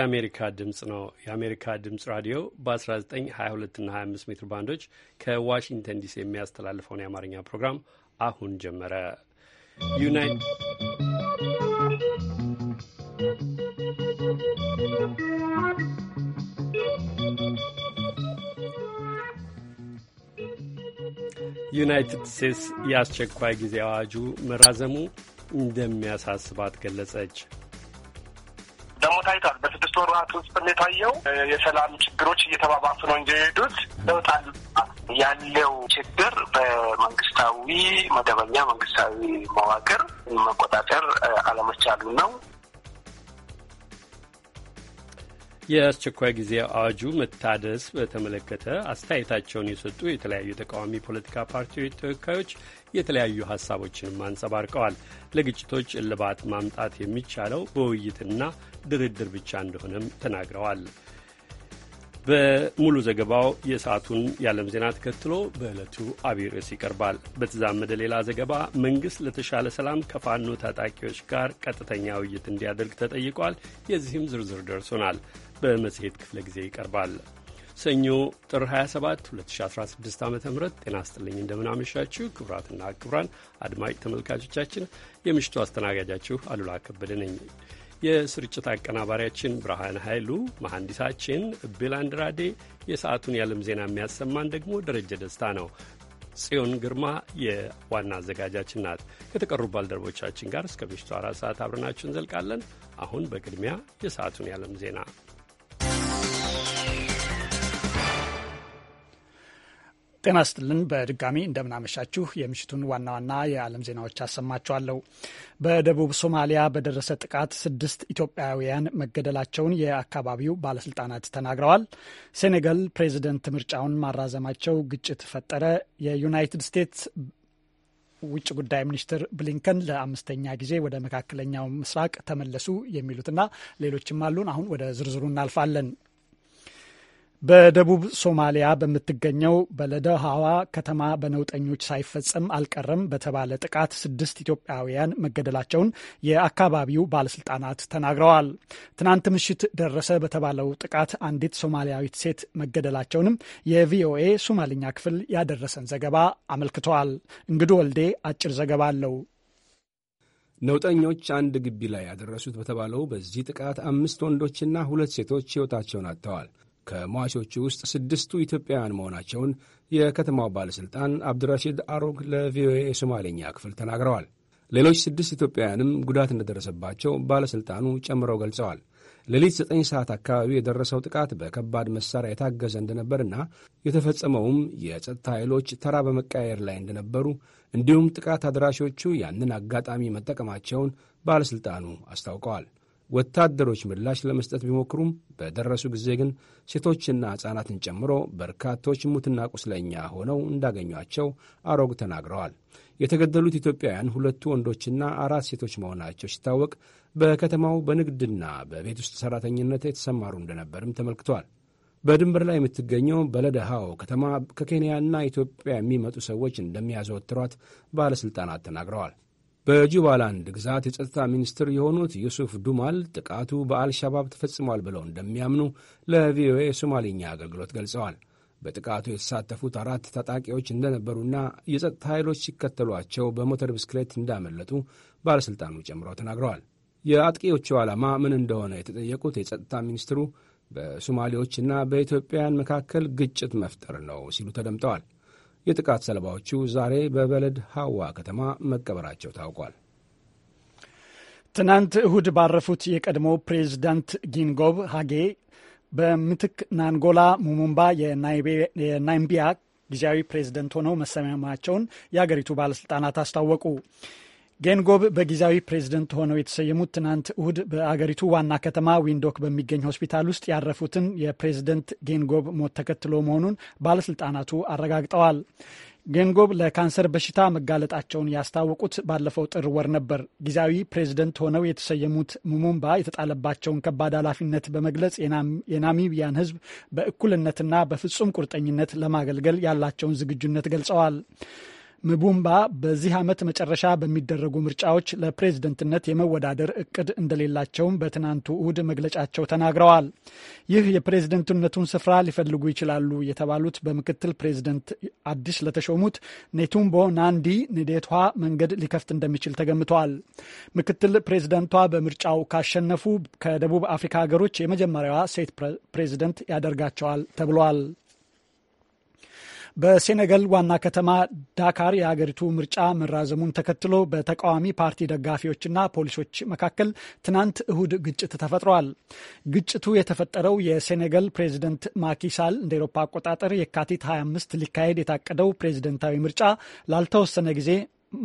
የአሜሪካ ድምፅ ነው። የአሜሪካ ድምፅ ራዲዮ በ1922ና 25 ሜትር ባንዶች ከዋሽንግተን ዲሲ የሚያስተላልፈውን የአማርኛ ፕሮግራም አሁን ጀመረ። ዩናይትድ ስቴትስ የአስቸኳይ ጊዜ አዋጁ መራዘሙ እንደሚያሳስባት ገለጸች። ደግሞ ታይቷል። በስድስት ወራት ውስጥ እንደታየው የሰላም ችግሮች እየተባባሱ ነው እንጂ ሄዱት ለውጣል ያለው ችግር በመንግስታዊ መደበኛ መንግስታዊ መዋቅር መቆጣጠር አለመቻሉ ነው። የአስቸኳይ ጊዜ አዋጁ መታደስ በተመለከተ አስተያየታቸውን የሰጡ የተለያዩ ተቃዋሚ ፖለቲካ ፓርቲዎች ተወካዮች የተለያዩ ሀሳቦችንም አንጸባርቀዋል። ለግጭቶች እልባት ማምጣት የሚቻለው በውይይትና ድርድር ብቻ እንደሆነም ተናግረዋል። በሙሉ ዘገባው የሰዓቱን የዓለም ዜና ተከትሎ በዕለቱ አብይ ርዕስ ይቀርባል። በተዛመደ ሌላ ዘገባ መንግሥት ለተሻለ ሰላም ከፋኖ ታጣቂዎች ጋር ቀጥተኛ ውይይት እንዲያደርግ ተጠይቋል። የዚህም ዝርዝር ደርሶናል። በመጽሔት ክፍለ ጊዜ ይቀርባል። ሰኞ ጥር 27 2016 ዓ ም ጤና ስጥልኝ እንደምናመሻችሁ ክቡራትና ክቡራን አድማጭ ተመልካቾቻችን የምሽቱ አስተናጋጃችሁ አሉላ ከበደ ነኝ። የስርጭት አቀናባሪያችን ብርሃን ኃይሉ፣ መሐንዲሳችን ቤል አንድራዴ፣ የሰዓቱን የዓለም ዜና የሚያሰማን ደግሞ ደረጀ ደስታ ነው። ጽዮን ግርማ የዋና አዘጋጃችን ናት። ከተቀሩ ባልደረቦቻችን ጋር እስከ ምሽቱ አራት ሰዓት አብረናችሁ እንዘልቃለን። አሁን በቅድሚያ የሰዓቱን የዓለም ዜና ጤና ስጥልን በድጋሚ እንደምናመሻችሁ። የምሽቱን ዋና ዋና የዓለም ዜናዎች አሰማችኋለሁ። በደቡብ ሶማሊያ በደረሰ ጥቃት ስድስት ኢትዮጵያውያን መገደላቸውን የአካባቢው ባለስልጣናት ተናግረዋል። ሴኔጋል ፕሬዚደንት ምርጫውን ማራዘማቸው ግጭት ፈጠረ። የዩናይትድ ስቴትስ ውጭ ጉዳይ ሚኒስትር ብሊንከን ለአምስተኛ ጊዜ ወደ መካከለኛው ምስራቅ ተመለሱ። የሚሉትና ሌሎችም አሉን። አሁን ወደ ዝርዝሩ እናልፋለን። በደቡብ ሶማሊያ በምትገኘው በለደሃዋ ከተማ በነውጠኞች ሳይፈጸም አልቀረም በተባለ ጥቃት ስድስት ኢትዮጵያውያን መገደላቸውን የአካባቢው ባለስልጣናት ተናግረዋል። ትናንት ምሽት ደረሰ በተባለው ጥቃት አንዲት ሶማሊያዊት ሴት መገደላቸውንም የቪኦኤ ሶማልኛ ክፍል ያደረሰን ዘገባ አመልክተዋል። እንግዱ ወልዴ አጭር ዘገባ አለው። ነውጠኞች አንድ ግቢ ላይ ያደረሱት በተባለው በዚህ ጥቃት አምስት ወንዶችና ሁለት ሴቶች ሕይወታቸውን አጥተዋል። ከሟቾቹ ውስጥ ስድስቱ ኢትዮጵያውያን መሆናቸውን የከተማው ባለሥልጣን አብድራሺድ አሮግ ለቪኦኤ የሶማሌኛ ክፍል ተናግረዋል። ሌሎች ስድስት ኢትዮጵያውያንም ጉዳት እንደደረሰባቸው ባለሥልጣኑ ጨምረው ገልጸዋል። ሌሊት ዘጠኝ ሰዓት አካባቢ የደረሰው ጥቃት በከባድ መሣሪያ የታገዘ እንደነበርና የተፈጸመውም የጸጥታ ኃይሎች ተራ በመቀያየር ላይ እንደነበሩ እንዲሁም ጥቃት አድራሾቹ ያንን አጋጣሚ መጠቀማቸውን ባለሥልጣኑ አስታውቀዋል። ወታደሮች ምላሽ ለመስጠት ቢሞክሩም በደረሱ ጊዜ ግን ሴቶችና ሕፃናትን ጨምሮ በርካቶች ሙትና ቁስለኛ ሆነው እንዳገኟቸው አሮግ ተናግረዋል። የተገደሉት ኢትዮጵያውያን ሁለቱ ወንዶችና አራት ሴቶች መሆናቸው ሲታወቅ በከተማው በንግድና በቤት ውስጥ ሠራተኝነት የተሰማሩ እንደነበርም ተመልክቷል። በድንበር ላይ የምትገኘው በለደሃው ከተማ ከኬንያና ኢትዮጵያ የሚመጡ ሰዎች እንደሚያዘወትሯት ባለሥልጣናት ተናግረዋል። በጁባላንድ ግዛት የጸጥታ ሚኒስትር የሆኑት ዩሱፍ ዱማል ጥቃቱ በአልሻባብ ተፈጽሟል ብለው እንደሚያምኑ ለቪኦኤ ሶማሊኛ አገልግሎት ገልጸዋል። በጥቃቱ የተሳተፉት አራት ታጣቂዎች እንደነበሩና የጸጥታ ኃይሎች ሲከተሏቸው በሞተር ብስክሌት እንዳመለጡ ባለሥልጣኑ ጨምረው ተናግረዋል። የአጥቂዎቹ ዓላማ ምን እንደሆነ የተጠየቁት የጸጥታ ሚኒስትሩ በሶማሌዎችና በኢትዮጵያውያን መካከል ግጭት መፍጠር ነው ሲሉ ተደምጠዋል። የጥቃት ሰለባዎቹ ዛሬ በበለድ ሐዋ ከተማ መቀበራቸው ታውቋል። ትናንት እሁድ ባረፉት የቀድሞ ፕሬዚዳንት ጊንጎብ ሃጌ በምትክ ናንጎላ ሙሙምባ የናይምቢያ ጊዜያዊ ፕሬዚደንት ሆነው መሰማማቸውን የአገሪቱ ባለስልጣናት አስታወቁ። ጌንጎብ በጊዜያዊ ፕሬዝደንት ሆነው የተሰየሙት ትናንት እሁድ በአገሪቱ ዋና ከተማ ዊንዶክ በሚገኝ ሆስፒታል ውስጥ ያረፉትን የፕሬዝደንት ጌንጎብ ሞት ተከትሎ መሆኑን ባለስልጣናቱ አረጋግጠዋል። ጌንጎብ ለካንሰር በሽታ መጋለጣቸውን ያስታወቁት ባለፈው ጥር ወር ነበር። ጊዜያዊ ፕሬዝደንት ሆነው የተሰየሙት ሙሙምባ የተጣለባቸውን ከባድ ኃላፊነት በመግለጽ የናሚቢያን ሕዝብ በእኩልነትና በፍጹም ቁርጠኝነት ለማገልገል ያላቸውን ዝግጁነት ገልጸዋል። ምቡምባ በዚህ ዓመት መጨረሻ በሚደረጉ ምርጫዎች ለፕሬዝደንትነት የመወዳደር እቅድ እንደሌላቸውም በትናንቱ እሁድ መግለጫቸው ተናግረዋል። ይህ የፕሬዝደንትነቱን ስፍራ ሊፈልጉ ይችላሉ የተባሉት በምክትል ፕሬዝደንት አዲስ ለተሾሙት ኔቱምቦ ናንዲ ንዴቷ መንገድ ሊከፍት እንደሚችል ተገምቷል። ምክትል ፕሬዝደንቷ በምርጫው ካሸነፉ ከደቡብ አፍሪካ ሀገሮች የመጀመሪያዋ ሴት ፕሬዝደንት ያደርጋቸዋል ተብሏል። በሴኔጋል ዋና ከተማ ዳካር የአገሪቱ ምርጫ መራዘሙን ተከትሎ በተቃዋሚ ፓርቲ ደጋፊዎችና ፖሊሶች መካከል ትናንት እሁድ ግጭት ተፈጥሯል። ግጭቱ የተፈጠረው የሴኔጋል ፕሬዚደንት ማኪሳል እንደ ኤሮፓ አቆጣጠር የካቲት 25 ሊካሄድ የታቀደው ፕሬዚደንታዊ ምርጫ ላልተወሰነ ጊዜ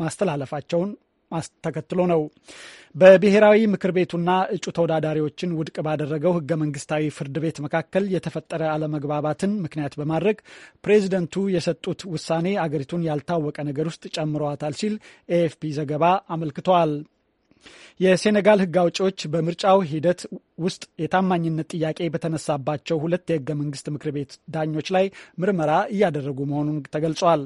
ማስተላለፋቸውን ተከትሎ ነው። በብሔራዊ ምክር ቤቱና እጩ ተወዳዳሪዎችን ውድቅ ባደረገው ህገ መንግስታዊ ፍርድ ቤት መካከል የተፈጠረ አለመግባባትን ምክንያት በማድረግ ፕሬዚደንቱ የሰጡት ውሳኔ አገሪቱን ያልታወቀ ነገር ውስጥ ጨምረዋታል ሲል ኤኤፍፒ ዘገባ አመልክቷል። የሴኔጋል ህግ አውጪዎች በምርጫው ሂደት ውስጥ የታማኝነት ጥያቄ በተነሳባቸው ሁለት የህገ መንግስት ምክር ቤት ዳኞች ላይ ምርመራ እያደረጉ መሆኑን ተገልጿል።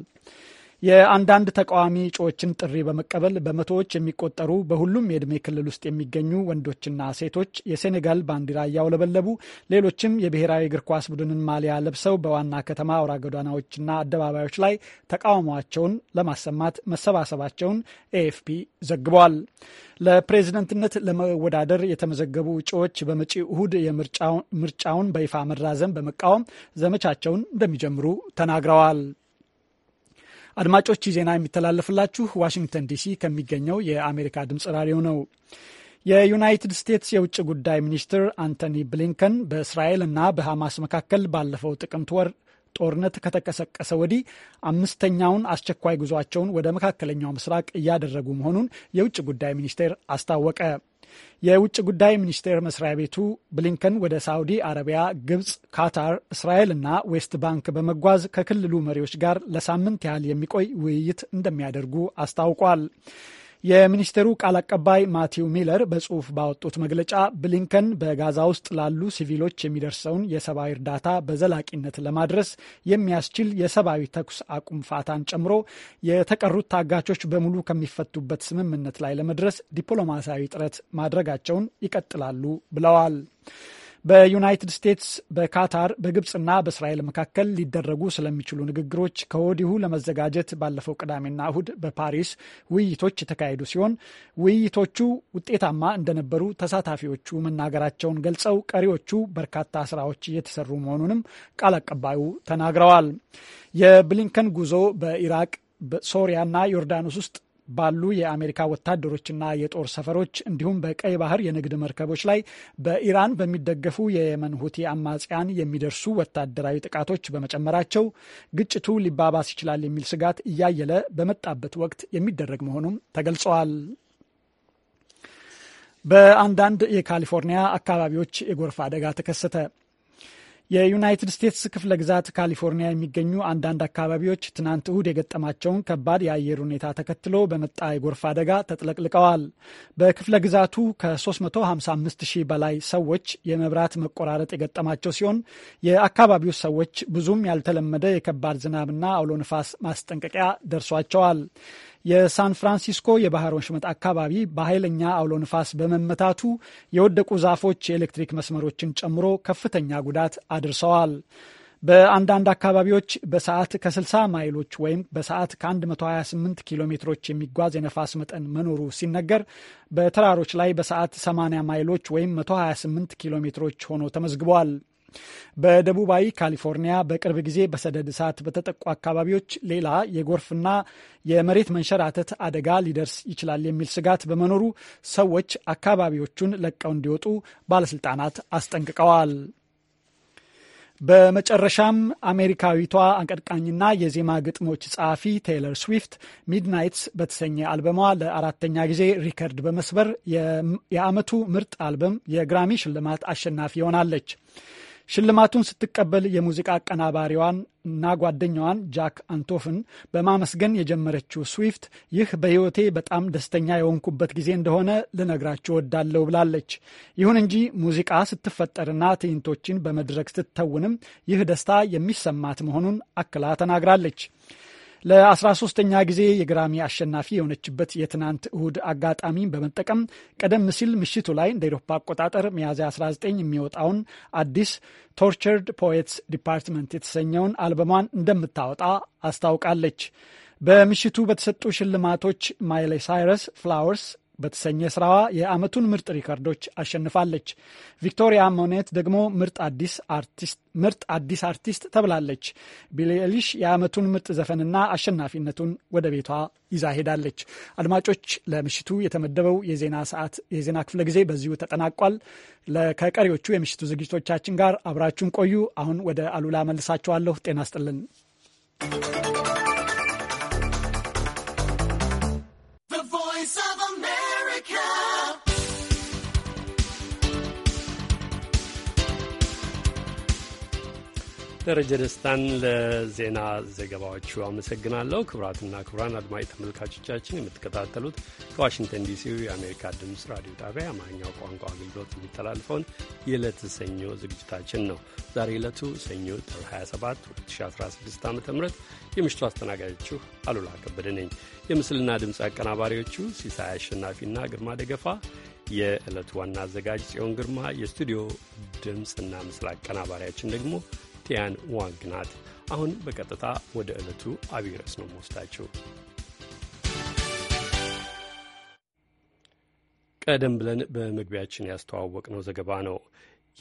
የአንዳንድ ተቃዋሚ እጩዎችን ጥሪ በመቀበል በመቶዎች የሚቆጠሩ በሁሉም የዕድሜ ክልል ውስጥ የሚገኙ ወንዶችና ሴቶች የሴኔጋል ባንዲራ እያውለበለቡ ሌሎችም የብሔራዊ እግር ኳስ ቡድንን ማሊያ ለብሰው በዋና ከተማ አውራ ጎዳናዎችና አደባባዮች ላይ ተቃውሟቸውን ለማሰማት መሰባሰባቸውን ኤኤፍፒ ዘግቧል። ለፕሬዝደንትነት ለመወዳደር የተመዘገቡ እጩዎች በመጪ እሁድ የምርጫውን በይፋ መራዘም በመቃወም ዘመቻቸውን እንደሚጀምሩ ተናግረዋል። አድማጮች ዜና የሚተላለፍላችሁ ዋሽንግተን ዲሲ ከሚገኘው የአሜሪካ ድምጽ ራዲዮ ነው። የዩናይትድ ስቴትስ የውጭ ጉዳይ ሚኒስትር አንቶኒ ብሊንከን በእስራኤል እና በሐማስ መካከል ባለፈው ጥቅምት ወር ጦርነት ከተቀሰቀሰ ወዲህ አምስተኛውን አስቸኳይ ጉዟቸውን ወደ መካከለኛው ምስራቅ እያደረጉ መሆኑን የውጭ ጉዳይ ሚኒስቴር አስታወቀ። የውጭ ጉዳይ ሚኒስቴር መስሪያ ቤቱ ብሊንከን ወደ ሳውዲ አረቢያ፣ ግብፅ፣ ካታር፣ እስራኤል እና ዌስት ባንክ በመጓዝ ከክልሉ መሪዎች ጋር ለሳምንት ያህል የሚቆይ ውይይት እንደሚያደርጉ አስታውቋል። የሚኒስቴሩ ቃል አቀባይ ማቲው ሚለር በጽሁፍ ባወጡት መግለጫ ብሊንከን በጋዛ ውስጥ ላሉ ሲቪሎች የሚደርሰውን የሰብአዊ እርዳታ በዘላቂነት ለማድረስ የሚያስችል የሰብአዊ ተኩስ አቁም ፋታን ጨምሮ የተቀሩት ታጋቾች በሙሉ ከሚፈቱበት ስምምነት ላይ ለመድረስ ዲፕሎማሲያዊ ጥረት ማድረጋቸውን ይቀጥላሉ ብለዋል። በዩናይትድ ስቴትስ፣ በካታር፣ በግብፅና በእስራኤል መካከል ሊደረጉ ስለሚችሉ ንግግሮች ከወዲሁ ለመዘጋጀት ባለፈው ቅዳሜና እሁድ በፓሪስ ውይይቶች የተካሄዱ ሲሆን ውይይቶቹ ውጤታማ እንደነበሩ ተሳታፊዎቹ መናገራቸውን ገልጸው ቀሪዎቹ በርካታ ስራዎች እየተሰሩ መሆኑንም ቃል አቀባዩ ተናግረዋል። የብሊንከን ጉዞ በኢራቅ ሶሪያና ዮርዳኖስ ውስጥ ባሉ የአሜሪካ ወታደሮችና የጦር ሰፈሮች እንዲሁም በቀይ ባህር የንግድ መርከቦች ላይ በኢራን በሚደገፉ የየመን ሁቲ አማጽያን የሚደርሱ ወታደራዊ ጥቃቶች በመጨመራቸው ግጭቱ ሊባባስ ይችላል የሚል ስጋት እያየለ በመጣበት ወቅት የሚደረግ መሆኑም ተገልጸዋል። በአንዳንድ የካሊፎርኒያ አካባቢዎች የጎርፍ አደጋ ተከሰተ። የዩናይትድ ስቴትስ ክፍለ ግዛት ካሊፎርኒያ የሚገኙ አንዳንድ አካባቢዎች ትናንት እሁድ የገጠማቸውን ከባድ የአየር ሁኔታ ተከትሎ በመጣ የጎርፍ አደጋ ተጥለቅልቀዋል። በክፍለ ግዛቱ ከ355 ሺህ በላይ ሰዎች የመብራት መቆራረጥ የገጠማቸው ሲሆን የአካባቢው ሰዎች ብዙም ያልተለመደ የከባድ ዝናብና አውሎ ንፋስ ማስጠንቀቂያ ደርሷቸዋል። የሳን ፍራንሲስኮ የባህር ወሽመጥ አካባቢ በኃይለኛ አውሎ ንፋስ በመመታቱ የወደቁ ዛፎች የኤሌክትሪክ መስመሮችን ጨምሮ ከፍተኛ ጉዳት አድርሰዋል። በአንዳንድ አካባቢዎች በሰዓት ከ60 ማይሎች ወይም በሰዓት ከ128 ኪሎ ሜትሮች የሚጓዝ የነፋስ መጠን መኖሩ ሲነገር በተራሮች ላይ በሰዓት 80 ማይሎች ወይም 128 ኪሎ ሜትሮች ሆኖ ተመዝግበዋል። በደቡባዊ ካሊፎርኒያ በቅርብ ጊዜ በሰደድ እሳት በተጠቁ አካባቢዎች ሌላ የጎርፍና የመሬት መንሸራተት አደጋ ሊደርስ ይችላል የሚል ስጋት በመኖሩ ሰዎች አካባቢዎቹን ለቀው እንዲወጡ ባለስልጣናት አስጠንቅቀዋል። በመጨረሻም አሜሪካዊቷ አቀንቃኝና የዜማ ግጥሞች ጸሐፊ ቴይለር ስዊፍት ሚድናይትስ በተሰኘ አልበሟ ለአራተኛ ጊዜ ሪከርድ በመስበር የዓመቱ ምርጥ አልበም የግራሚ ሽልማት አሸናፊ ሆናለች። ሽልማቱን ስትቀበል የሙዚቃ አቀናባሪዋን እና ጓደኛዋን ጃክ አንቶፍን በማመስገን የጀመረችው ስዊፍት ይህ በሕይወቴ በጣም ደስተኛ የሆንኩበት ጊዜ እንደሆነ ልነግራችሁ ወዳለሁ ብላለች። ይሁን እንጂ ሙዚቃ ስትፈጠርና ትዕይንቶችን በመድረክ ስትተውንም ይህ ደስታ የሚሰማት መሆኑን አክላ ተናግራለች። ለ 13 ተኛ ጊዜ የግራሚ አሸናፊ የሆነችበት የትናንት እሁድ አጋጣሚ በመጠቀም ቀደም ሲል ምሽቱ ላይ እንደ ኤሮፓ አቆጣጠር ሚያዝያ 19 የሚወጣውን አዲስ ቶርቸርድ ፖኤትስ ዲፓርትመንት የተሰኘውን አልበሟን እንደምታወጣ አስታውቃለች። በምሽቱ በተሰጡ ሽልማቶች ማይሌ ሳይረስ ፍላወርስ በተሰኘ ስራዋ የአመቱን ምርጥ ሪከርዶች አሸንፋለች። ቪክቶሪያ ሞኔት ደግሞ ምርጥ አዲስ አርቲስት ተብላለች። ቢሊ ኤሊሽ ምርጥ ዘፈንና አሸናፊነቱን ወደ ቤቷ ይዛ ሄዳለች። አድማጮች፣ ለምሽቱ የተመደበው የዜና ሰዓት የዜና ክፍለ ጊዜ በዚሁ ተጠናቋል። ከቀሪዎቹ የምሽቱ ዝግጅቶቻችን ጋር አብራችሁን ቆዩ። አሁን ወደ አሉላ መልሳችኋለሁ። ጤና ስጥልን። ደረጀ ደስታን ለዜና ዘገባዎቹ አመሰግናለሁ። ክቡራትና ክቡራን አድማጭ ተመልካቾቻችን የምትከታተሉት ከዋሽንግተን ዲሲ የአሜሪካ ድምፅ ራዲዮ ጣቢያ የአማርኛው ቋንቋ አገልግሎት የሚተላልፈውን የዕለት ሰኞ ዝግጅታችን ነው። ዛሬ ዕለቱ ሰኞ ጥር 27 2016 ዓ ም የምሽቱ አስተናጋጆችሁ አሉላ ከበደ ነኝ። የምስልና ድምፅ አቀናባሪዎቹ ሲሳይ አሸናፊና ግርማ ደገፋ የዕለቱ ዋና አዘጋጅ ጽዮን ግርማ፣ የስቱዲዮ ድምፅና ምስል አቀናባሪያችን ደግሞ ቲያን ዋንግ ናት። አሁን በቀጥታ ወደ ዕለቱ አብይ ርዕስ ነው መወስዳችሁ። ቀደም ብለን በመግቢያችን ነው ዘገባ ነው።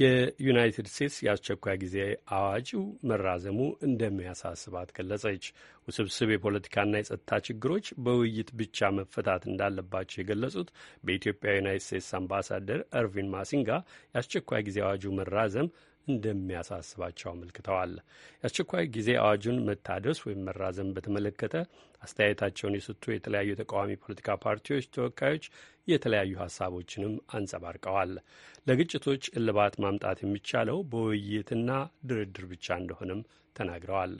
የዩናይትድ ስቴትስ የአስቸኳይ ጊዜ አዋጁ መራዘሙ እንደሚያሳስባት ገለጸች። ውስብስብ የፖለቲካና የጸጥታ ችግሮች በውይይት ብቻ መፈታት እንዳለባቸው የገለጹት በኢትዮጵያ ዩናይትድ ስቴትስ አምባሳደር እርቪን ማሲንጋ የአስቸኳይ ጊዜ አዋጁ መራዘም እንደሚያሳስባቸው አመልክተዋል። የአስቸኳይ ጊዜ አዋጁን መታደስ ወይም መራዘም በተመለከተ አስተያየታቸውን የሰጡ የተለያዩ ተቃዋሚ ፖለቲካ ፓርቲዎች ተወካዮች የተለያዩ ሀሳቦችንም አንጸባርቀዋል። ለግጭቶች እልባት ማምጣት የሚቻለው በውይይትና ድርድር ብቻ እንደሆነም ተናግረዋል።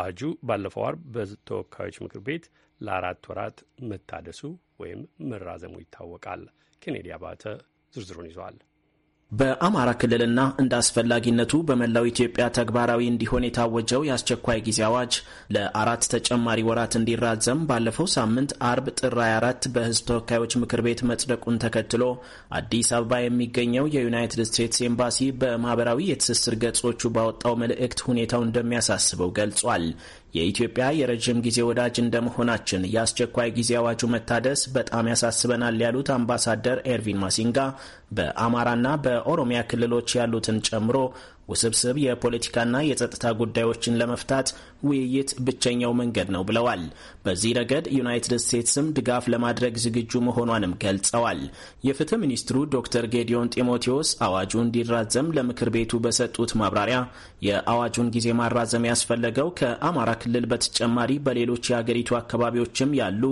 አዋጁ ባለፈው አርብ በተወካዮች ምክር ቤት ለአራት ወራት መታደሱ ወይም መራዘሙ ይታወቃል። ኬኔዲ አባተ ዝርዝሩን ይዟል። በአማራ ክልልና እንደ አስፈላጊነቱ በመላው ኢትዮጵያ ተግባራዊ እንዲሆን የታወጀው የአስቸኳይ ጊዜ አዋጅ ለአራት ተጨማሪ ወራት እንዲራዘም ባለፈው ሳምንት አርብ ጥር 24 በሕዝብ ተወካዮች ምክር ቤት መጽደቁን ተከትሎ አዲስ አበባ የሚገኘው የዩናይትድ ስቴትስ ኤምባሲ በማህበራዊ የትስስር ገጾቹ ባወጣው መልእክት ሁኔታው እንደሚያሳስበው ገልጿል። የኢትዮጵያ የረዥም ጊዜ ወዳጅ እንደመሆናችን የአስቸኳይ ጊዜ አዋጁ መታደስ በጣም ያሳስበናል ያሉት አምባሳደር ኤርቪን ማሲንጋ በአማራና በኦሮሚያ ክልሎች ያሉትን ጨምሮ ውስብስብ የፖለቲካና የጸጥታ ጉዳዮችን ለመፍታት ውይይት ብቸኛው መንገድ ነው ብለዋል። በዚህ ረገድ ዩናይትድ ስቴትስም ድጋፍ ለማድረግ ዝግጁ መሆኗንም ገልጸዋል። የፍትህ ሚኒስትሩ ዶክተር ጌዲዮን ጢሞቴዎስ አዋጁ እንዲራዘም ለምክር ቤቱ በሰጡት ማብራሪያ የአዋጁን ጊዜ ማራዘም ያስፈለገው ከአማራ ክልል በተጨማሪ በሌሎች የአገሪቱ አካባቢዎችም ያሉ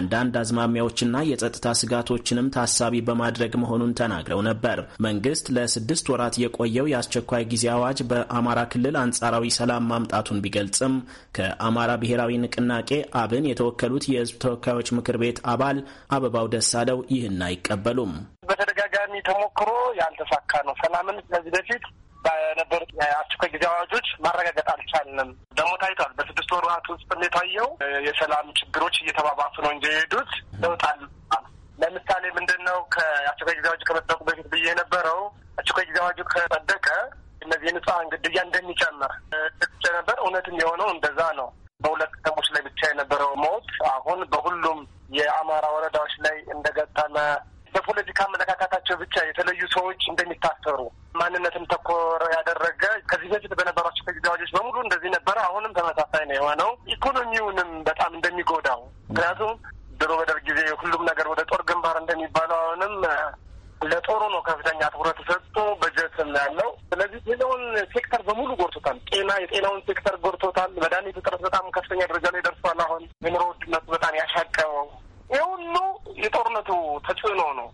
አንዳንድ አዝማሚያዎችና የጸጥታ ስጋቶችንም ታሳቢ በማድረግ መሆኑን ተናግረው ነበር። መንግስት ለስድስት ወራት የቆየው የአስቸኳይ ጊዜ አዋጅ በአማራ ክልል አንጻራዊ ሰላም ማምጣቱን ቢገልጽም ከአማራ ብሔራዊ ንቅናቄ አብን የተወከሉት የህዝብ ተወካዮች ምክር ቤት አባል አበባው ደሳለው ይህን አይቀበሉም። በተደጋጋሚ ተሞክሮ ያልተሳካ ነው። ሰላምን ከዚህ በፊት በነበሩት የአስቸኳይ ጊዜ አዋጆች ማረጋገጥ አልቻልንም። ደግሞ ታይቷል። በስድስት ወራት ውስጥ የታየው የሰላም ችግሮች እየተባባሱ ነው እንጂ የሄዱት ለውጣል። ለምሳሌ ምንድን ነው ከአስቸኳይ ጊዜ አዋጁ ከመጠቁ በፊት ብዬ የነበረው አስቸኳይ ጊዜ አዋጁ ከጸደቀ እነዚህ የንጹሐን ግድያ እንደሚጨምር ነበር። እውነትም የሆነው እንደዛ ነው። በሁለት ከተሞች ላይ ብቻ የነበረው ሞት አሁን በሁሉም የአማራ ወረዳዎች ላይ እንደገጠመ በፖለቲካ አመለካከታቸው ብቻ የተለዩ ሰዎች እንደሚታሰሩ ማንነትን ተኮር ያደረገ ከዚህ በፊት በነበራቸው ከጊዜ በሙሉ እንደዚህ ነበረ። አሁንም ተመሳሳይ ነው የሆነው። ኢኮኖሚውንም በጣም እንደሚጎዳው ምክንያቱም ድሮ በደርግ ጊዜ ሁሉም ነገር ወደ ጦር ግንባር እንደሚባለው አሁንም ለጦሩ ነው ከፍተኛ ትኩረት ተሰጥቶ በጀት ያለው። ስለዚህ ሌላውን ሴክተር በሙሉ ጎድቶታል። ጤና የጤናውን ሴክተር ጎድቶታል። መድኃኒት እጥረት በጣም ከፍተኛ ደረጃ ላይ ደርሷል። አሁን የኑሮ ውድነቱ በጣም ያሻቀበው ይህ ሁሉ የጦርነቱ ተጽዕኖ ነው።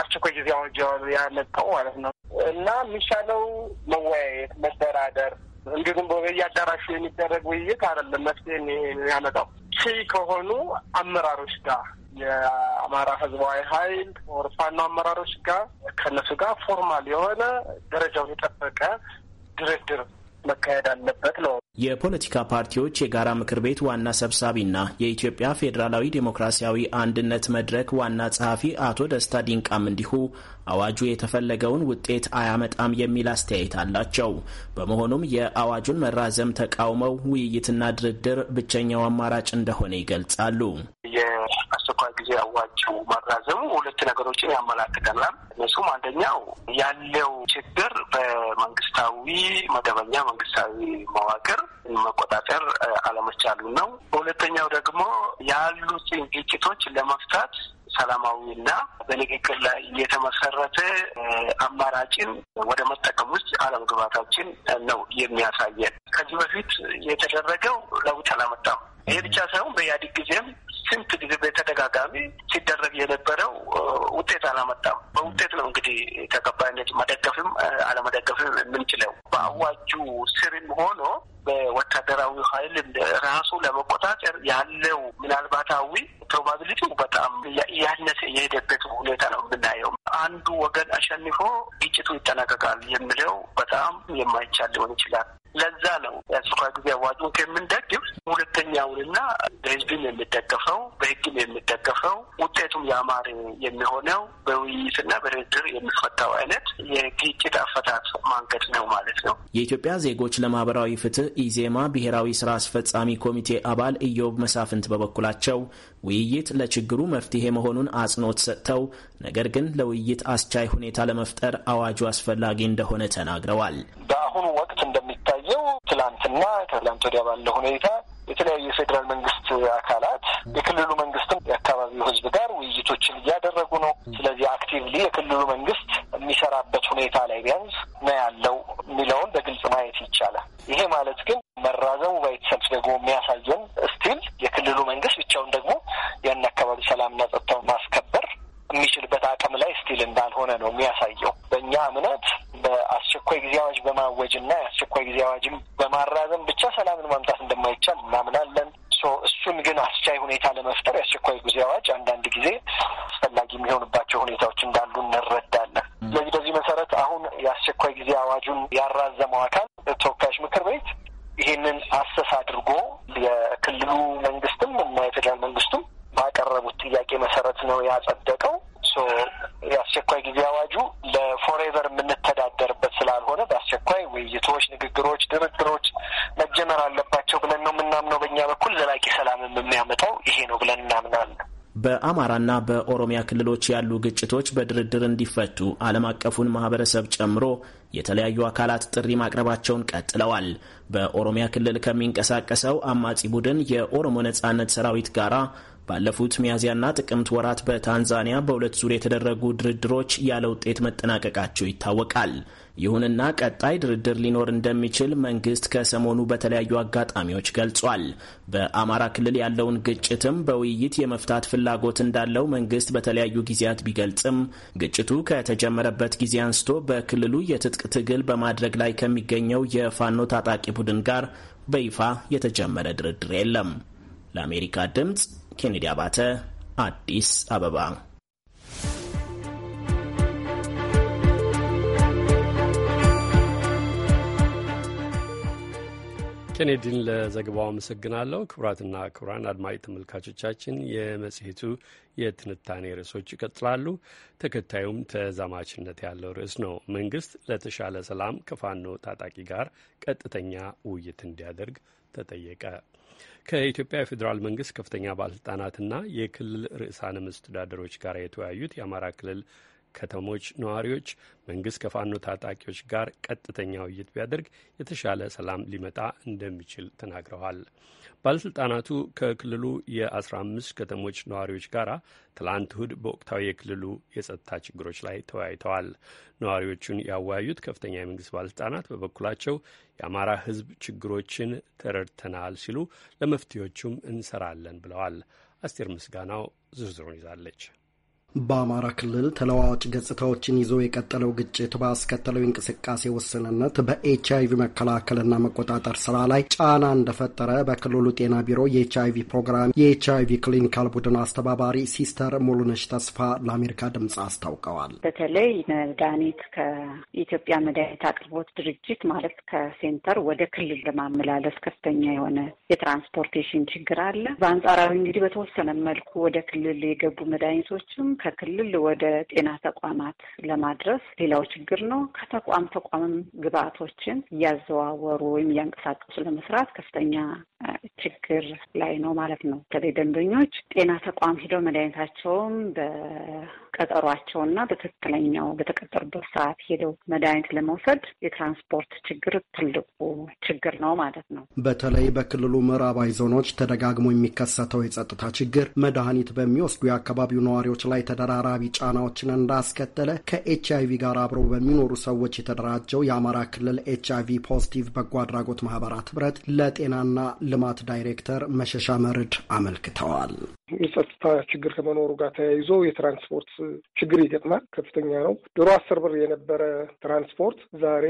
አስቸኳይ ጊዜ አዋጅ ያመጣው ማለት ነው እና የሚሻለው መወያየት፣ መደራደር እንዲሁም በየአዳራሹ የሚደረግ ውይይት አይደለም መፍትሄ ያመጣው ሺ ከሆኑ አመራሮች ጋር የአማራ ህዝባዊ ኃይል ፋኖ አመራሮች ጋር ከእነሱ ጋር ፎርማል የሆነ ደረጃውን የጠበቀ ድርድር መካሄድ አለበት ነው የፖለቲካ ፓርቲዎች የጋራ ምክር ቤት ዋና ሰብሳቢና የኢትዮጵያ ፌዴራላዊ ዴሞክራሲያዊ አንድነት መድረክ ዋና ጸሐፊ አቶ ደስታ ዲንቃም እንዲሁ አዋጁ የተፈለገውን ውጤት አያመጣም የሚል አስተያየት አላቸው። በመሆኑም የአዋጁን መራዘም ተቃውመው ውይይትና ድርድር ብቸኛው አማራጭ እንደሆነ ይገልጻሉ። የአስቸኳይ ጊዜ አዋጁ መራዘሙ ሁለት ነገሮችን ያመላክተናል። እነሱም አንደኛው ያለው ችግር በመንግስታዊ መደበኛ መንግስታዊ መዋቅር መቆጣጠር አለመቻሉ ነው። በሁለተኛው ደግሞ ያሉትን ግጭቶች ለመፍታት ሰላማዊና በንግግር ላይ የተመሰረተ አማራጭን ወደ መጠቀም ውስጥ አለመግባታችን ነው የሚያሳየን። ከዚህ በፊት የተደረገው ለውጥ አላመጣም። ይሄ ብቻ ሳይሆን በኢህአዴግ ጊዜም ስንት ጊዜ በተደጋጋሚ ሲደረግ የነበረው ውጤት አላመጣም። በውጤት ነው እንግዲህ ተቀባይነት መደገፍም አለመደገፍም የምንችለው። በአዋጁ ስርም ሆኖ በወታደራዊ ኃይል ራሱ ለመቆጣጠር ያለው ምናልባታዊ ፕሮባቢሊቲው በጣም ያነሰ የሄደበት ሁኔታ ነው የምናየው። አንዱ ወገን አሸንፎ ግጭቱ ይጠናቀቃል የሚለው በጣም የማይቻል ሊሆን ይችላል። ለዛ ነው የአስቸኳይ ጊዜ አዋጁን ከምንደግፍ ሁለተኛውንና በህዝብም የምጠቀፈው በህግም የምጠቀፈው ውጤቱም ያማረ የሚሆነው በውይይትና በድርድር የሚፈታው አይነት የግጭት አፈታት ማንገድ ነው ማለት ነው። የኢትዮጵያ ዜጎች ለማህበራዊ ፍትህ ኢዜማ ብሔራዊ ስራ አስፈጻሚ ኮሚቴ አባል ኢዮብ መሳፍንት በበኩላቸው ውይይት ለችግሩ መፍትሄ መሆኑን አጽንኦት ሰጥተው ነገር ግን ለውይይት አስቻይ ሁኔታ ለመፍጠር አዋጁ አስፈላጊ እንደሆነ ተናግረዋል። በአሁኑ ወቅት እንደሚታይ ትላንትና ከትላንት ወዲያ ባለው ሁኔታ የተለያዩ የፌዴራል መንግስት አካላት በአማራና በኦሮሚያ ክልሎች ያሉ ግጭቶች በድርድር እንዲፈቱ ዓለም አቀፉን ማህበረሰብ ጨምሮ የተለያዩ አካላት ጥሪ ማቅረባቸውን ቀጥለዋል። በኦሮሚያ ክልል ከሚንቀሳቀሰው አማጺ ቡድን የኦሮሞ ነጻነት ሰራዊት ጋራ ባለፉት ሚያዝያና ጥቅምት ወራት በታንዛኒያ በሁለት ዙር የተደረጉ ድርድሮች ያለ ውጤት መጠናቀቃቸው ይታወቃል። ይሁንና ቀጣይ ድርድር ሊኖር እንደሚችል መንግስት ከሰሞኑ በተለያዩ አጋጣሚዎች ገልጿል። በአማራ ክልል ያለውን ግጭትም በውይይት የመፍታት ፍላጎት እንዳለው መንግስት በተለያዩ ጊዜያት ቢገልጽም ግጭቱ ከተጀመረበት ጊዜ አንስቶ በክልሉ የትጥቅ ትግል በማድረግ ላይ ከሚገኘው የፋኖ ታጣቂ ቡድን ጋር በይፋ የተጀመረ ድርድር የለም። ለአሜሪካ ድምፅ ኬኔዲ አባተ አዲስ አበባ። ኬኔዲን ለዘገባው አመሰግናለሁ። ክቡራትና ክቡራን አድማጭ ተመልካቾቻችን የመጽሔቱ የትንታኔ ርዕሶች ይቀጥላሉ። ተከታዩም ተዛማችነት ያለው ርዕስ ነው። መንግስት ለተሻለ ሰላም ከፋኖ ታጣቂ ጋር ቀጥተኛ ውይይት እንዲያደርግ ተጠየቀ። ከኢትዮጵያ ፌዴራል መንግስት ከፍተኛ ባለስልጣናትና የክልል ርዕሳነ መስተዳደሮች ጋር የተወያዩት የአማራ ክልል ከተሞች ነዋሪዎች መንግስት ከፋኖ ታጣቂዎች ጋር ቀጥተኛ ውይይት ቢያደርግ የተሻለ ሰላም ሊመጣ እንደሚችል ተናግረዋል። ባለስልጣናቱ ከክልሉ የ15 ከተሞች ነዋሪዎች ጋር ትላንት እሁድ በወቅታዊ የክልሉ የጸጥታ ችግሮች ላይ ተወያይተዋል። ነዋሪዎቹን ያወያዩት ከፍተኛ የመንግስት ባለስልጣናት በበኩላቸው የአማራ ሕዝብ ችግሮችን ተረድተናል ሲሉ ለመፍትሄዎቹም እንሰራለን ብለዋል። አስቴር ምስጋናው ዝርዝሩን ይዛለች። በአማራ ክልል ተለዋዋጭ ገጽታዎችን ይዞ የቀጠለው ግጭት ባስከተለው እንቅስቃሴ ውስንነት በኤች አይቪ መከላከልና መቆጣጠር ስራ ላይ ጫና እንደፈጠረ በክልሉ ጤና ቢሮ የኤች ፕሮግራም የኤች አይቪ ክሊኒካል ቡድን አስተባባሪ ሲስተር ሙሉነሽ ተስፋ ለአሜሪካ ድምጽ አስታውቀዋል። በተለይ መድኃኒት ከኢትዮጵያ መድኃኒት አቅርቦት ድርጅት ማለት ከሴንተር ወደ ክልል ለማመላለስ ከፍተኛ የሆነ የትራንስፖርቴሽን ችግር አለ። በአንጻራዊ እንግዲህ በተወሰነ መልኩ ወደ ክልል የገቡ መድኃኒቶችም ከክልል ወደ ጤና ተቋማት ለማድረስ ሌላው ችግር ነው። ከተቋም ተቋምም ግብአቶችን እያዘዋወሩ ወይም እያንቀሳቀሱ ለመስራት ከፍተኛ ችግር ላይ ነው ማለት ነው። በተለይ ደንበኞች ጤና ተቋም ሂደው መድኃኒታቸውም በቀጠሯቸውና በትክክለኛው በተቀጠሩበት ሰዓት ሄደው መድኃኒት ለመውሰድ የትራንስፖርት ችግር ትልቁ ችግር ነው ማለት ነው። በተለይ በክልሉ ምዕራባዊ ዞኖች ተደጋግሞ የሚከሰተው የጸጥታ ችግር መድኃኒት በሚወስዱ የአካባቢው ነዋሪዎች ላይ ተደራራቢ ጫናዎችን እንዳስከተለ ከኤች አይቪ ጋር አብረው በሚኖሩ ሰዎች የተደራጀው የአማራ ክልል ኤች አይቪ ፖዚቲቭ በጎ አድራጎት ማህበራት ህብረት ለጤናና ልማት ዳይሬክተር መሸሻ መርድ አመልክተዋል። የጸጥታ ችግር ከመኖሩ ጋር ተያይዞ የትራንስፖርት ችግር ይገጥማል። ከፍተኛ ነው። ድሮ አስር ብር የነበረ ትራንስፖርት ዛሬ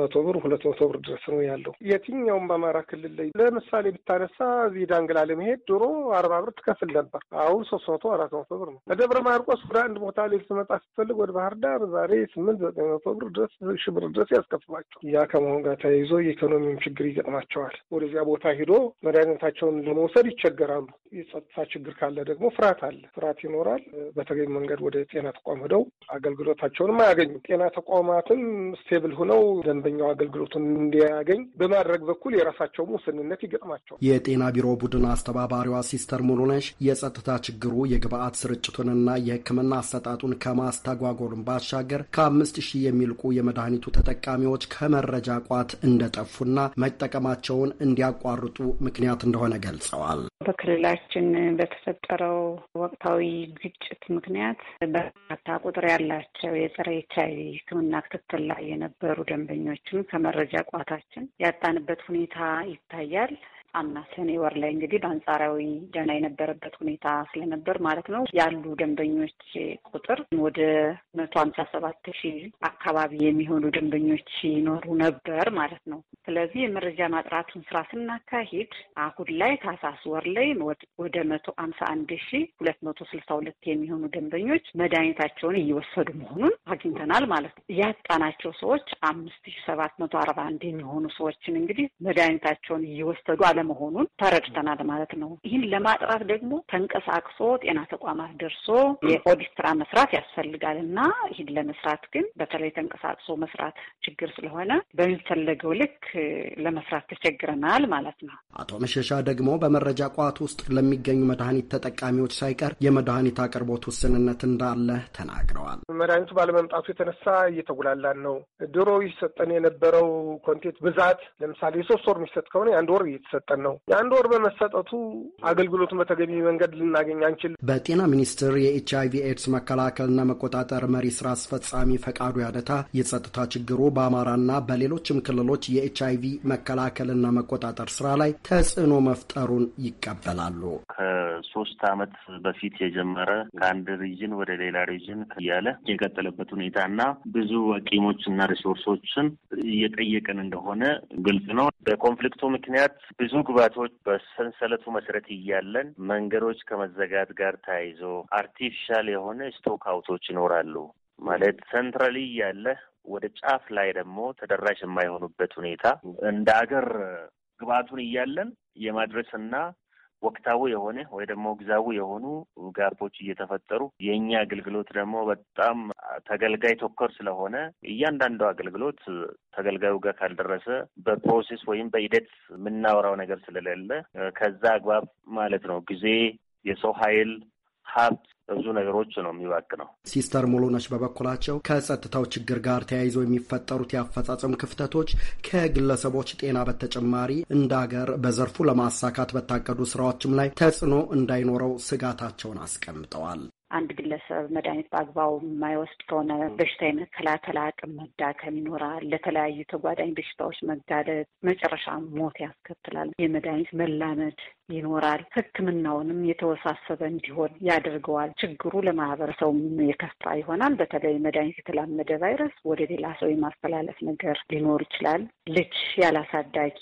መቶ ብር፣ ሁለት መቶ ብር ድረስ ነው ያለው። የትኛውም በአማራ ክልል ላይ ለምሳሌ ብታነሳ እዚህ ዳንግላ ለመሄድ ድሮ አርባ ብር ትከፍል ነበር። አሁን ሶስት መቶ አራት መቶ ብር ነው። ለደብረ ማርቆስ ወደ አንድ ቦታ ላይ ልትመጣ ስትፈልግ ወደ ባህር ዳር ዛሬ ስምንት ዘጠኝ መቶ ብር ድረስ ሺ ብር ድረስ ያስከፍሏቸው። ያ ከመሆን ጋር ተያይዞ የኢኮኖሚም ችግር ይገጥማቸዋል። ወደዚያ ቦታ ሂዶ መድኃኒታቸውን ለመውሰድ ይቸገራሉ። የጸጥታ ችግር ካለ ደግሞ ፍርሃት አለ። ፍርሃት ይኖራል። በተገቢ መንገድ ወደ ጤና ተቋም ሄደው አገልግሎታቸውንም አያገኙ። ጤና ተቋማትም ስቴብል ሆነው ደንበኛው አገልግሎቱን እንዲያገኝ በማድረግ በኩል የራሳቸው ሙስንነት ይገጥማቸዋል። የጤና ቢሮ ቡድን አስተባባሪዋ ሲስተር ሙሉነሽ የጸጥታ ችግሩ የግብአት ስርጭቱንና የሕክምና አሰጣጡን ከማስተጓጎሉን ባሻገር ከአምስት ሺህ የሚልቁ የመድኃኒቱ ተጠቃሚዎች ከመረጃ ቋት እንደጠፉና መጠቀማቸውን እንዲያቋርጡ ምክንያት እንደሆነ ገልጸዋል። በክልላችን በተፈጠረው ወቅታዊ ግጭት ምክንያት በርካታ ቁጥር ያላቸው የጸረ ኤች አይ ቪ ሕክምና ክትትል ላይ የነበሩ ደንበኞችም ከመረጃ ቋታችን ያጣንበት ሁኔታ ይታያል። አምና ሰኔ ወር ላይ እንግዲህ በአንጻራዊ ደህና የነበረበት ሁኔታ ስለነበር ማለት ነው ያሉ ደንበኞች ቁጥር ወደ መቶ ሀምሳ ሰባት ሺህ አካባቢ የሚሆኑ ደንበኞች ይኖሩ ነበር ማለት ነው። ስለዚህ የመረጃ ማጥራቱን ስራ ስናካሂድ አሁን ላይ ታህሳስ ወር ላይ ወደ መቶ ሀምሳ አንድ ሺህ ሁለት መቶ ስልሳ ሁለት የሚሆኑ ደንበኞች መድኃኒታቸውን እየወሰዱ መሆኑን አግኝተናል ማለት ነው። ያጣናቸው ሰዎች አምስት ሺህ ሰባት መቶ አርባ አንድ የሚሆኑ ሰዎችን እንግዲህ መድኃኒታቸውን እየወሰዱ አለ አለመሆኑን ተረድተናል ማለት ነው። ይህን ለማጥራት ደግሞ ተንቀሳቅሶ ጤና ተቋማት ደርሶ የኦዲት ስራ መስራት ያስፈልጋል እና ይህን ለመስራት ግን በተለይ ተንቀሳቅሶ መስራት ችግር ስለሆነ በሚፈለገው ልክ ለመስራት ተቸግረናል ማለት ነው። አቶ መሸሻ ደግሞ በመረጃ ቋት ውስጥ ለሚገኙ መድኃኒት ተጠቃሚዎች ሳይቀር የመድኃኒት አቅርቦት ውስንነት እንዳለ ተናግረዋል። መድኃኒቱ ባለመምጣቱ የተነሳ እየተጉላላን ነው። ድሮ ይሰጠን የነበረው ኮንቴንት ብዛት ለምሳሌ የሶስት ወር የሚሰጥ ከሆነ የአንድ ወር እየተሰጠ እየተሰጠን ነው። የአንድ ወር በመሰጠቱ አገልግሎቱን በተገቢ መንገድ ልናገኝ አንችል። በጤና ሚኒስቴር የኤች አይቪ ኤድስ መከላከልና መቆጣጠር መሪ ስራ አስፈጻሚ ፈቃዱ ያደታ የጸጥታ ችግሩ በአማራና በሌሎችም ክልሎች የኤች አይቪ መከላከልና መቆጣጠር ስራ ላይ ተጽዕኖ መፍጠሩን ይቀበላሉ። ከሶስት አመት በፊት የጀመረ ከአንድ ሪጅን ወደ ሌላ ሪጅን እያለ የቀጠለበት ሁኔታ ብዙ ሐኪሞች እና ሪሶርሶችን እየጠየቅን እንደሆነ ግልጽ ነው። በኮንፍሊክቱ ምክንያት ብዙ ግባቶች በሰንሰለቱ መሰረት እያለን መንገዶች ከመዘጋት ጋር ተያይዞ አርቲፊሻል የሆነ ስቶክ አውቶች ይኖራሉ። ማለት ሰንትራሊ እያለ ወደ ጫፍ ላይ ደግሞ ተደራሽ የማይሆኑበት ሁኔታ እንደ አገር ግባቱን እያለን የማድረስና ወቅታዊ የሆነ ወይ ደግሞ ግዛዊ የሆኑ ጋቦች እየተፈጠሩ የእኛ አገልግሎት ደግሞ በጣም ተገልጋይ ተኮር ስለሆነ እያንዳንዱ አገልግሎት ተገልጋዩ ጋር ካልደረሰ በፕሮሴስ ወይም በሂደት የምናወራው ነገር ስለሌለ ከዛ አግባብ ማለት ነው ጊዜ የሰው ኃይል ሀብት ብዙ ነገሮች ነው ነው። ሲስተር ሙሉነሽ በበኩላቸው ከጸጥታው ችግር ጋር ተያይዘው የሚፈጠሩት የአፈጻጸም ክፍተቶች ከግለሰቦች ጤና በተጨማሪ እንደ ሀገር በዘርፉ ለማሳካት በታቀዱ ስራዎችም ላይ ተጽዕኖ እንዳይኖረው ስጋታቸውን አስቀምጠዋል። አንድ ግለሰብ መድኃኒት በአግባቡ የማይወስድ ከሆነ በሽታ የመከላከል አቅም መዳከም ይኖራል። ለተለያዩ ተጓዳኝ በሽታዎች መጋለጥ መጨረሻ ሞት ያስከትላል። የመድኃኒት መላመድ ይኖራል። ሕክምናውንም የተወሳሰበ እንዲሆን ያደርገዋል። ችግሩ ለማህበረሰቡም የከፋ ይሆናል። በተለይ መድኃኒት የተላመደ ቫይረስ ወደ ሌላ ሰው የማስተላለፍ ነገር ሊኖር ይችላል። ልጅ ያላሳዳጊ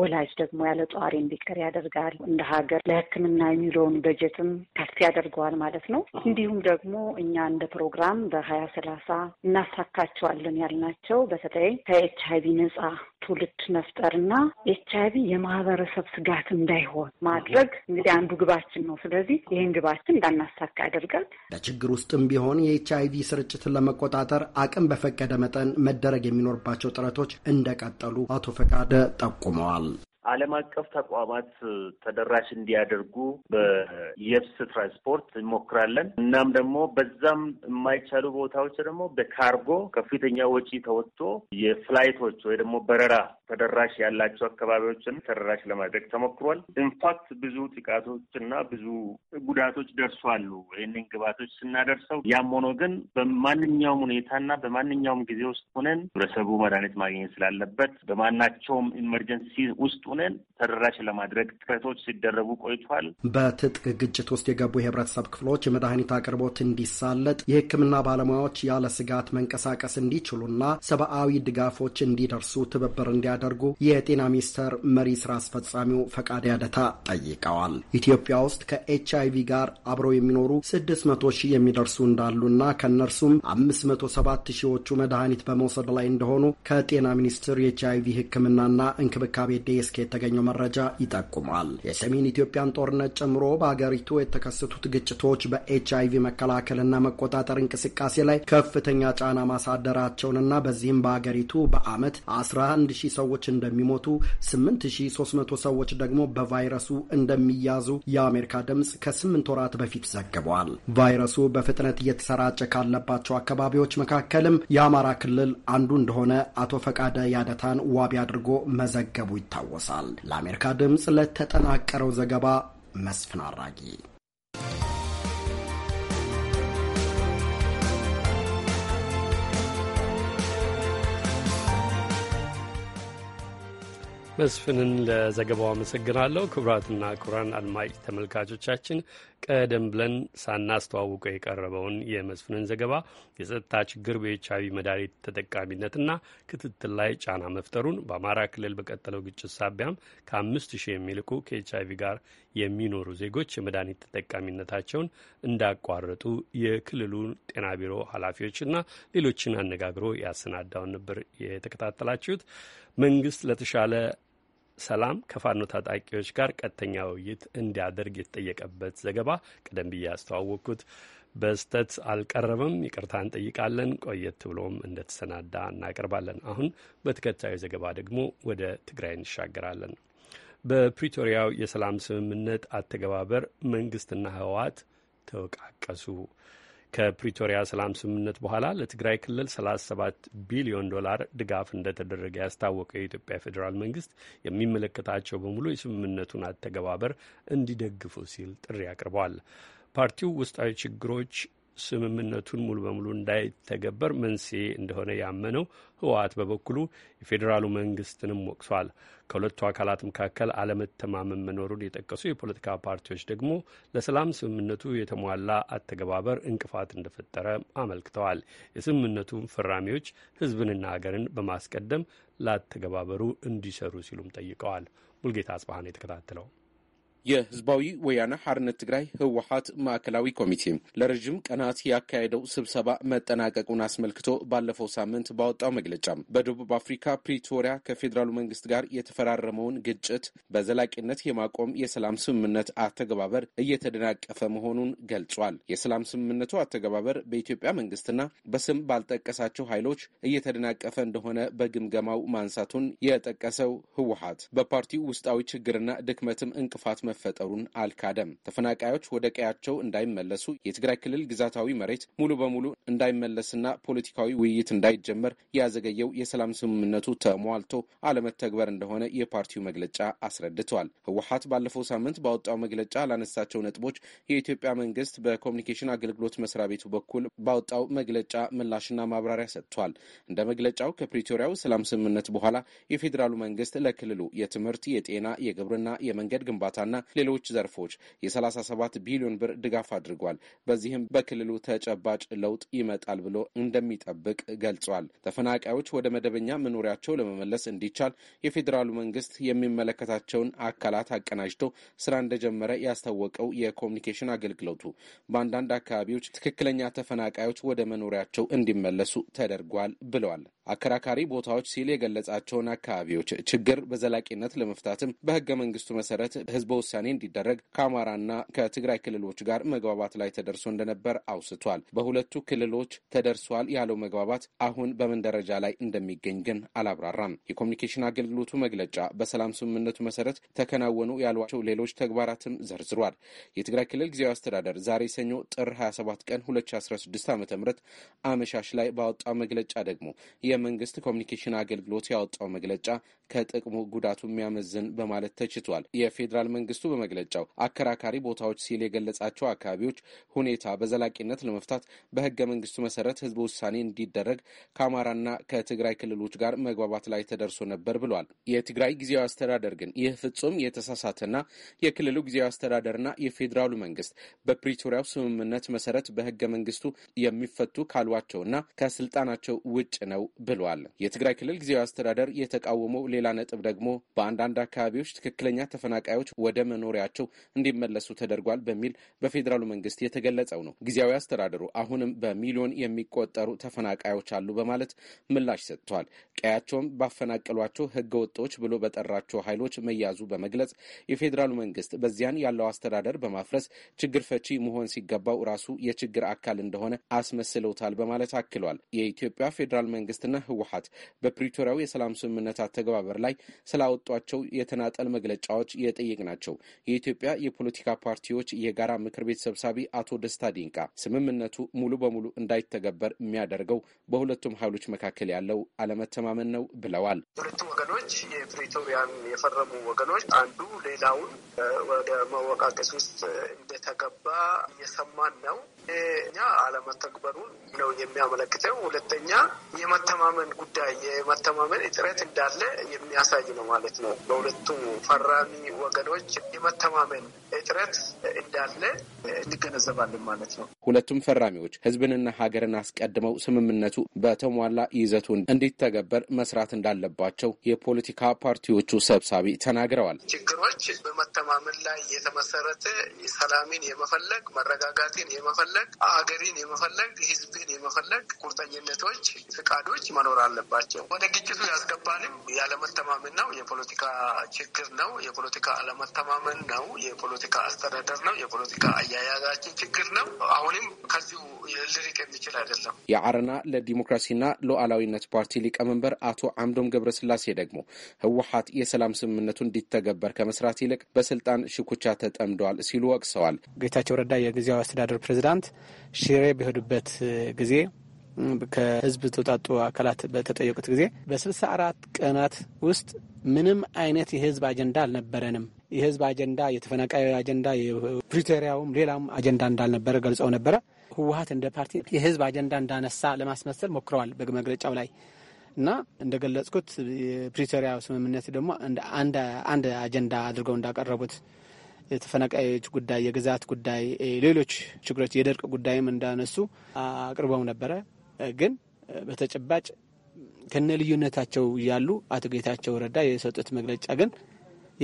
ወላጅ ደግሞ ያለ ጧሪ እንዲቀር ያደርጋል። እንደ ሀገር ለሕክምና የሚለውን በጀትም ከፍ ያደርገዋል ማለት ነው። እንዲሁም ደግሞ እኛ እንደ ፕሮግራም በሀያ ሰላሳ እናሳካቸዋለን ያልናቸው በተለይ ከኤች አይቪ ነጻ ትውልድ መፍጠርና ኤች አይቪ የማህበረሰብ ስጋት እንዳይሆን ማድረግ እንግዲህ አንዱ ግባችን ነው። ስለዚህ ይህን ግባችን እንዳናሳካ ያደርጋል። በችግር ውስጥም ቢሆን የኤች አይቪ ስርጭትን ለመቆጣጠር አቅም በፈቀደ መጠን መደረግ የሚኖርባቸው ጥረቶች እንደቀጠሉ አቶ ፈቃደ ጠቁመዋል። ዓለም አቀፍ ተቋማት ተደራሽ እንዲያደርጉ በየብስ ትራንስፖርት እንሞክራለን። እናም ደግሞ በዛም የማይቻሉ ቦታዎች ደግሞ በካርጎ ከፍተኛ ወጪ ተወጥቶ የፍላይቶች ወይ ደግሞ በረራ ተደራሽ ያላቸው አካባቢዎችን ተደራሽ ለማድረግ ተሞክሯል። ኢንፋክት ብዙ ጥቃቶች እና ብዙ ጉዳቶች ደርሷሉ ይህንን ግባቶች ስናደርሰው። ያም ሆኖ ግን በማንኛውም ሁኔታና በማንኛውም ጊዜ ውስጥ ሆነን ህብረተሰቡ መድኃኒት ማግኘት ስላለበት በማናቸውም ኢመርጀንሲ ውስጥ ሆነን ተደራሽ ለማድረግ ጥረቶች ሲደረጉ ቆይቷል። በትጥቅ ግጭት ውስጥ የገቡ የህብረተሰብ ክፍሎች የመድኃኒት አቅርቦት እንዲሳለጥ፣ የህክምና ባለሙያዎች ያለ ስጋት መንቀሳቀስ እንዲችሉና ሰብአዊ ድጋፎች እንዲደርሱ ትብብር እንዲያደርጉ የጤና ሚኒስቴር መሪ ስራ አስፈጻሚው ፈቃድ ያደታ ጠይቀዋል። ኢትዮጵያ ውስጥ ከኤች አይቪ ጋር አብረው የሚኖሩ 6ድስት መቶ ሺህ የሚደርሱ እንዳሉና ከእነርሱም አምስት መቶ ሰባት ሺዎቹ መድኃኒት በመውሰድ ላይ እንደሆኑ ከጤና ሚኒስቴር የኤች አይቪ ህክምናና እንክብካቤ ዴስክ የተገኘው መረጃ ይጠቁማል። የሰሜን ኢትዮጵያን ጦርነት ጨምሮ በአገሪቱ የተከሰቱት ግጭቶች በኤች አይቪ መከላከልና መቆጣጠር እንቅስቃሴ ላይ ከፍተኛ ጫና ማሳደራቸውንና በዚህም በአገሪቱ በአመት 11 ሺህ ሰዎች እንደሚሞቱ 8300 ሰዎች ደግሞ በቫይረሱ እንደሚያዙ የአሜሪካ ድምፅ ከስምንት ወራት በፊት ዘግቧል። ቫይረሱ በፍጥነት እየተሰራጨ ካለባቸው አካባቢዎች መካከልም የአማራ ክልል አንዱ እንደሆነ አቶ ፈቃደ ያደታን ዋቢ አድርጎ መዘገቡ ይታወሳል። ይደርሳል። ለአሜሪካ ድምፅ ለተጠናቀረው ዘገባ መስፍን አራጊ መስፍንን ለዘገባው አመሰግናለሁ። ክቡራትና ክቡራን አድማጭ ተመልካቾቻችን ቀደም ብለን ሳናስተዋውቀ የቀረበውን የመስፍንን ዘገባ የጸጥታ ችግር በኤች አይቪ መድኃኒት ተጠቃሚነትና ክትትል ላይ ጫና መፍጠሩን በአማራ ክልል በቀጠለው ግጭት ሳቢያም ከአምስት ሺህ የሚልቁ ከኤች አይቪ ጋር የሚኖሩ ዜጎች የመድኃኒት ተጠቃሚነታቸውን እንዳቋረጡ የክልሉ ጤና ቢሮ ኃላፊዎችና ሌሎችን አነጋግሮ ያሰናዳውን ነበር የተከታተላችሁት። መንግስት ለተሻለ ሰላም ከፋኖ ታጣቂዎች ጋር ቀጥተኛ ውይይት እንዲያደርግ የተጠየቀበት ዘገባ ቀደም ብዬ ያስተዋወቅኩት በስተት አልቀረበም። ይቅርታ እንጠይቃለን። ቆየት ብሎም እንደተሰናዳ እናቀርባለን። አሁን በተከታዩ ዘገባ ደግሞ ወደ ትግራይ እንሻገራለን። በፕሪቶሪያው የሰላም ስምምነት አተገባበር መንግስትና ህወሓት ተወቃቀሱ። ከፕሪቶሪያ ሰላም ስምምነት በኋላ ለትግራይ ክልል 37 ቢሊዮን ዶላር ድጋፍ እንደተደረገ ያስታወቀው የኢትዮጵያ ፌዴራል መንግስት የሚመለከታቸው በሙሉ የስምምነቱን አተገባበር እንዲደግፉ ሲል ጥሪ አቅርበዋል። ፓርቲው ውስጣዊ ችግሮች ስምምነቱን ሙሉ በሙሉ እንዳይተገበር መንስኤ እንደሆነ ያመነው ህወሓት በበኩሉ የፌዴራሉ መንግስትንም ወቅሷል። ከሁለቱ አካላት መካከል አለመተማመን መኖሩን የጠቀሱ የፖለቲካ ፓርቲዎች ደግሞ ለሰላም ስምምነቱ የተሟላ አተገባበር እንቅፋት እንደፈጠረ አመልክተዋል። የስምምነቱን ፈራሚዎች ህዝብንና ሀገርን በማስቀደም ላተገባበሩ እንዲሰሩ ሲሉም ጠይቀዋል። ሙልጌታ አጽባሃን የተከታተለው የህዝባዊ ወያነ ሐርነት ትግራይ ህወሀት ማዕከላዊ ኮሚቴ ለረዥም ቀናት ያካሄደው ስብሰባ መጠናቀቁን አስመልክቶ ባለፈው ሳምንት ባወጣው መግለጫ በደቡብ አፍሪካ ፕሪቶሪያ ከፌዴራሉ መንግስት ጋር የተፈራረመውን ግጭት በዘላቂነት የማቆም የሰላም ስምምነት አተገባበር እየተደናቀፈ መሆኑን ገልጿል። የሰላም ስምምነቱ አተገባበር በኢትዮጵያ መንግስትና በስም ባልጠቀሳቸው ኃይሎች እየተደናቀፈ እንደሆነ በግምገማው ማንሳቱን የጠቀሰው ህወሀት በፓርቲው ውስጣዊ ችግርና ድክመትም እንቅፋት መፈጠሩን አልካደም። ተፈናቃዮች ወደ ቀያቸው እንዳይመለሱ የትግራይ ክልል ግዛታዊ መሬት ሙሉ በሙሉ እንዳይመለስና ፖለቲካዊ ውይይት እንዳይጀመር ያዘገየው የሰላም ስምምነቱ ተሟልቶ አለመተግበር እንደሆነ የፓርቲው መግለጫ አስረድቷል። ህወሀት ባለፈው ሳምንት ባወጣው መግለጫ ላነሳቸው ነጥቦች የኢትዮጵያ መንግስት በኮሚኒኬሽን አገልግሎት መስሪያ ቤቱ በኩል ባወጣው መግለጫ ምላሽና ማብራሪያ ሰጥቷል። እንደ መግለጫው ከፕሪቶሪያው ሰላም ስምምነት በኋላ የፌዴራሉ መንግስት ለክልሉ የትምህርት፣ የጤና፣ የግብርና፣ የመንገድ ግንባታና ሌሎች ዘርፎች የ37 ቢሊዮን ብር ድጋፍ አድርጓል። በዚህም በክልሉ ተጨባጭ ለውጥ ይመጣል ብሎ እንደሚጠብቅ ገልጿል። ተፈናቃዮች ወደ መደበኛ መኖሪያቸው ለመመለስ እንዲቻል የፌዴራሉ መንግስት የሚመለከታቸውን አካላት አቀናጅቶ ስራ እንደጀመረ ያስታወቀው የኮሚኒኬሽን አገልግሎቱ በአንዳንድ አካባቢዎች ትክክለኛ ተፈናቃዮች ወደ መኖሪያቸው እንዲመለሱ ተደርጓል ብለዋል። አከራካሪ ቦታዎች ሲል የገለጻቸውን አካባቢዎች ችግር በዘላቂነት ለመፍታትም በህገ መንግስቱ መሰረት ህዝበ ውሳኔ እንዲደረግ ከአማራና ከትግራይ ክልሎች ጋር መግባባት ላይ ተደርሶ እንደነበር አውስቷል። በሁለቱ ክልሎች ተደርሷል ያለው መግባባት አሁን በምን ደረጃ ላይ እንደሚገኝ ግን አላብራራም። የኮሚኒኬሽን አገልግሎቱ መግለጫ በሰላም ስምምነቱ መሰረት ተከናወኑ ያሏቸው ሌሎች ተግባራትም ዘርዝሯል። የትግራይ ክልል ጊዜያዊ አስተዳደር ዛሬ ሰኞ ጥር 27 ቀን 2016 ዓ ም አመሻሽ ላይ ባወጣው መግለጫ ደግሞ የመንግስት ኮሚኒኬሽን አገልግሎት ያወጣው መግለጫ ከጥቅሙ ጉዳቱ የሚያመዝን በማለት ተችቷል። የፌዴራል መንግስት መንግስቱ በመግለጫው አከራካሪ ቦታዎች ሲል የገለጻቸው አካባቢዎች ሁኔታ በዘላቂነት ለመፍታት በህገ መንግስቱ መሰረት ህዝብ ውሳኔ እንዲደረግ ከአማራና ከትግራይ ክልሎች ጋር መግባባት ላይ ተደርሶ ነበር ብሏል። የትግራይ ጊዜያዊ አስተዳደር ግን ይህ ፍጹም የተሳሳተና የክልሉ ጊዜያዊ አስተዳደርና የፌዴራሉ መንግስት በፕሪቶሪያው ስምምነት መሰረት በህገ መንግስቱ የሚፈቱ ካሏቸውና ከስልጣናቸው ውጭ ነው ብሏል። የትግራይ ክልል ጊዜያዊ አስተዳደር የተቃወመው ሌላ ነጥብ ደግሞ በአንዳንድ አካባቢዎች ትክክለኛ ተፈናቃዮች ወደ መኖሪያቸው እንዲመለሱ ተደርጓል በሚል በፌዴራሉ መንግስት የተገለጸው ነው። ጊዜያዊ አስተዳደሩ አሁንም በሚሊዮን የሚቆጠሩ ተፈናቃዮች አሉ በማለት ምላሽ ሰጥቷል። ቀያቸውም ባፈናቀሏቸው ህገ ወጦች ብሎ በጠራቸው ኃይሎች መያዙ በመግለጽ የፌዴራሉ መንግስት በዚያን ያለው አስተዳደር በማፍረስ ችግር ፈቺ መሆን ሲገባው ራሱ የችግር አካል እንደሆነ አስመስለውታል በማለት አክሏል። የኢትዮጵያ ፌዴራል መንግስትና ህወሀት በፕሪቶሪያው የሰላም ስምምነት አተገባበር ላይ ስላወጧቸው የተናጠል መግለጫዎች የጠየቅናቸው የኢትዮጵያ የፖለቲካ ፓርቲዎች የጋራ ምክር ቤት ሰብሳቢ አቶ ደስታ ዲንቃ ስምምነቱ ሙሉ በሙሉ እንዳይተገበር የሚያደርገው በሁለቱም ኃይሎች መካከል ያለው አለመተማመን ነው ብለዋል። ሁለቱ ወገኖች የፕሪቶሪያን የፈረሙ ወገኖች አንዱ ሌላውን ወደ መወቃቀስ ውስጥ እንደተገባ እየሰማን ነው። እኛ አለመተግበሩን ነው የሚያመለክተው። ሁለተኛ የመተማመን ጉዳይ የመተማመን እጥረት እንዳለ የሚያሳይ ነው ማለት ነው። በሁለቱ ፈራሚ ወገኖች የመተማመን እጥረት እንዳለ እንገነዘባለን ማለት ነው። ሁለቱም ፈራሚዎች ህዝብንና ሀገርን አስቀድመው ስምምነቱ በተሟላ ይዘቱ እንዲተገበር መስራት እንዳለባቸው የፖለቲካ ፓርቲዎቹ ሰብሳቢ ተናግረዋል። ችግሮች በመተማመን ላይ የተመሰረተ ሰላምን የመፈለግ መረጋጋትን የመፈለግ ሀገሪን የመፈለግ ህዝብን የመፈለግ ቁርጠኝነቶች፣ ፍቃዶች መኖር አለባቸው። ወደ ግጭቱ ያስገባንም ያለመተማመን ነው፣ የፖለቲካ ችግር ነው፣ የፖለቲካ አለመተማመን ነው፣ የፖለቲካ አስተዳደር ነው፣ የፖለቲካ አያያዛችን ችግር ነው። አሁን አሁንም ከዚሁ ልርቅ የሚችል አይደለም። የአረና ለዲሞክራሲና ሉዓላዊነት ፓርቲ ሊቀመንበር አቶ አምዶም ገብረስላሴ ደግሞ ህወሀት የሰላም ስምምነቱ እንዲተገበር ከመስራት ይልቅ በስልጣን ሽኩቻ ተጠምደዋል ሲሉ ወቅሰዋል። ጌታቸው ረዳ የጊዜያዊ አስተዳደር ፕሬዚዳንት ሽሬ በሄዱበት ጊዜ ከህዝብ ተውጣጡ አካላት በተጠየቁት ጊዜ በስልሳ አራት ቀናት ውስጥ ምንም አይነት የህዝብ አጀንዳ አልነበረንም። የህዝብ አጀንዳ፣ የተፈናቃዩ አጀንዳ፣ የፕሪቶሪያውም ሌላም አጀንዳ እንዳልነበረ ገልጸው ነበረ። ህወሀት እንደ ፓርቲ የህዝብ አጀንዳ እንዳነሳ ለማስመሰል ሞክረዋል በመግለጫው ላይ እና እንደገለጽኩት የፕሪቶሪያ ስምምነት ደግሞ አንድ አጀንዳ አድርገው እንዳቀረቡት የተፈናቃዮች ጉዳይ፣ የግዛት ጉዳይ፣ ሌሎች ችግሮች፣ የደርቅ ጉዳይም እንዳነሱ አቅርበው ነበረ። ግን በተጨባጭ ከነ ልዩነታቸው ያሉ አቶ ጌታቸው ረዳ የሰጡት መግለጫ ግን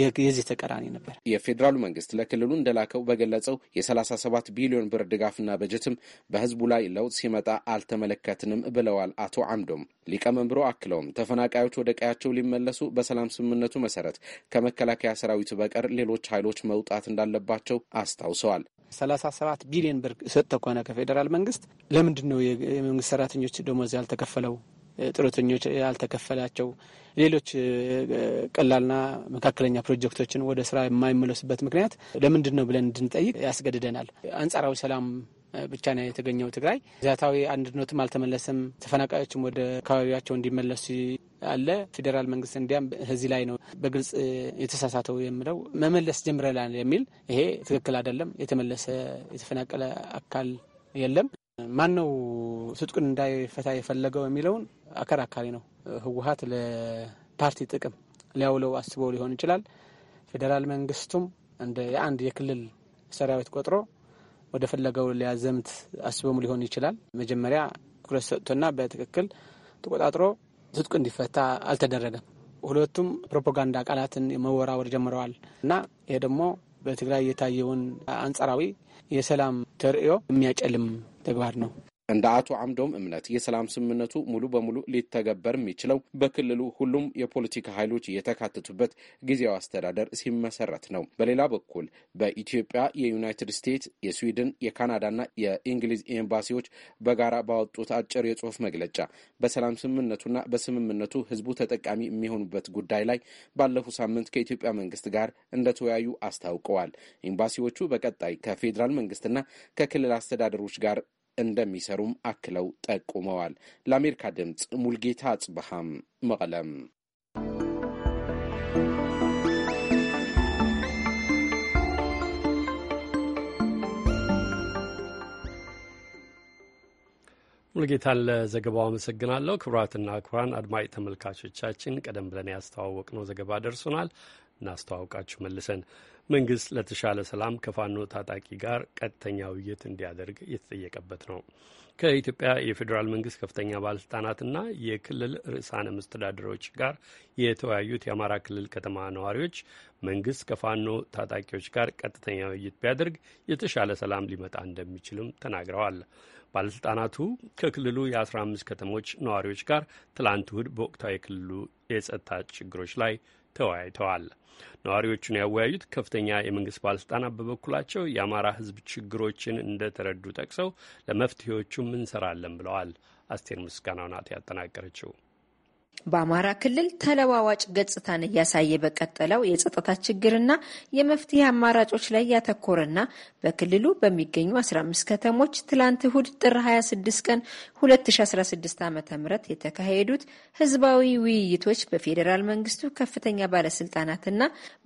የዚህ ተቀራኒ ነበር። የፌዴራሉ መንግስት ለክልሉ እንደላከው በገለጸው የ37 ቢሊዮን ብር ድጋፍና በጀትም በህዝቡ ላይ ለውጥ ሲመጣ አልተመለከትንም ብለዋል አቶ አምዶም። ሊቀመንበሩ አክለውም ተፈናቃዮች ወደ ቀያቸው ሊመለሱ በሰላም ስምምነቱ መሰረት ከመከላከያ ሰራዊት በቀር ሌሎች ኃይሎች መውጣት እንዳለባቸው አስታውሰዋል። 37 ቢሊዮን ብር ሰጥቶ ከሆነ ከፌዴራል መንግስት ለምንድን ነው የመንግስት ሰራተኞች ደሞዝ ያልተከፈለው? ጥረተኞች ያልተከፈላቸው ሌሎች ቀላልና መካከለኛ ፕሮጀክቶችን ወደ ስራ የማይመለሱበት ምክንያት ለምንድን ነው ብለን እንድንጠይቅ ያስገድደናል። አንጻራዊ ሰላም ብቻ ነው የተገኘው። ትግራይ ዛታዊ አንድነቱም አልተመለሰም። ተፈናቃዮችም ወደ አካባቢያቸው እንዲመለሱ አለ። ፌዴራል መንግስት እንዲያም እዚህ ላይ ነው በግልጽ የተሳሳተው የምለው መመለስ ጀምረላል የሚል ይሄ ትክክል አይደለም። የተመለሰ የተፈናቀለ አካል የለም። ማን ነው ትጥቁን እንዳይፈታ የፈለገው የሚለውን አከራካሪ ነው። ህወሀት ለፓርቲ ጥቅም ሊያውለው አስበው ሊሆን ይችላል። ፌዴራል መንግስቱም እንደ የአንድ የክልል ሰራዊት ቆጥሮ ወደ ፈለገው ሊያዘምት አስበሙ ሊሆን ይችላል። መጀመሪያ ትኩረት ሰጥቶና በትክክል ተቆጣጥሮ ትጥቁ እንዲፈታ አልተደረገም። ሁለቱም ፕሮፓጋንዳ ቃላትን መወራወር ጀምረዋል እና ይሄ ደግሞ በትግራይ የታየውን አንጻራዊ የሰላም ተርእዮ የሚያጨልም ተግባር ነው። እንደ አቶ አምዶም እምነት የሰላም ስምምነቱ ሙሉ በሙሉ ሊተገበር የሚችለው በክልሉ ሁሉም የፖለቲካ ኃይሎች የተካተቱበት ጊዜያዊ አስተዳደር ሲመሰረት ነው። በሌላ በኩል በኢትዮጵያ የዩናይትድ ስቴትስ፣ የስዊድን፣ የካናዳና የእንግሊዝ ኤምባሲዎች በጋራ ባወጡት አጭር የጽሁፍ መግለጫ በሰላም ስምምነቱና በስምምነቱ ህዝቡ ተጠቃሚ የሚሆኑበት ጉዳይ ላይ ባለፉ ሳምንት ከኢትዮጵያ መንግስት ጋር እንደተወያዩ አስታውቀዋል። ኤምባሲዎቹ በቀጣይ ከፌዴራል መንግስትና ከክልል አስተዳደሮች ጋር እንደሚሰሩም አክለው ጠቁመዋል። ለአሜሪካ ድምፅ ሙልጌታ አጽበሃም መቀለም። ሙልጌታን ለዘገባው አመሰግናለሁ። ክቡራትና ክቡራን አድማጭ ተመልካቾቻችን ቀደም ብለን ያስተዋወቅነው ዘገባ ደርሶናል። እናስተዋውቃችሁ መልሰን መንግስት ለተሻለ ሰላም ከፋኖ ታጣቂ ጋር ቀጥተኛ ውይይት እንዲያደርግ የተጠየቀበት ነው። ከኢትዮጵያ የፌዴራል መንግስት ከፍተኛ ባለስልጣናትና የክልል ርዕሳነ መስተዳድሮች ጋር የተወያዩት የአማራ ክልል ከተማ ነዋሪዎች መንግስት ከፋኖ ታጣቂዎች ጋር ቀጥተኛ ውይይት ቢያደርግ የተሻለ ሰላም ሊመጣ እንደሚችልም ተናግረዋል። ባለስልጣናቱ ከክልሉ የ15 ከተሞች ነዋሪዎች ጋር ትላንት እሁድ በወቅታዊ የክልሉ የጸጥታ ችግሮች ላይ ተወያይተዋል። ነዋሪዎቹን ያወያዩት ከፍተኛ የመንግስት ባለስልጣናት በበኩላቸው የአማራ ህዝብ ችግሮችን እንደተረዱ ጠቅሰው ለመፍትሄዎቹም እንሰራለን ብለዋል። አስቴር ምስጋናው ናት ያጠናቀረችው። በአማራ ክልል ተለዋዋጭ ገጽታን እያሳየ በቀጠለው የጸጥታ ችግርና የመፍትሄ አማራጮች ላይ ያተኮረና በክልሉ በሚገኙ 15 ከተሞች ትላንት እሁድ ጥር 26 ቀን 2016 ዓ ም የተካሄዱት ህዝባዊ ውይይቶች በፌዴራል መንግስቱ ከፍተኛ ባለስልጣናትና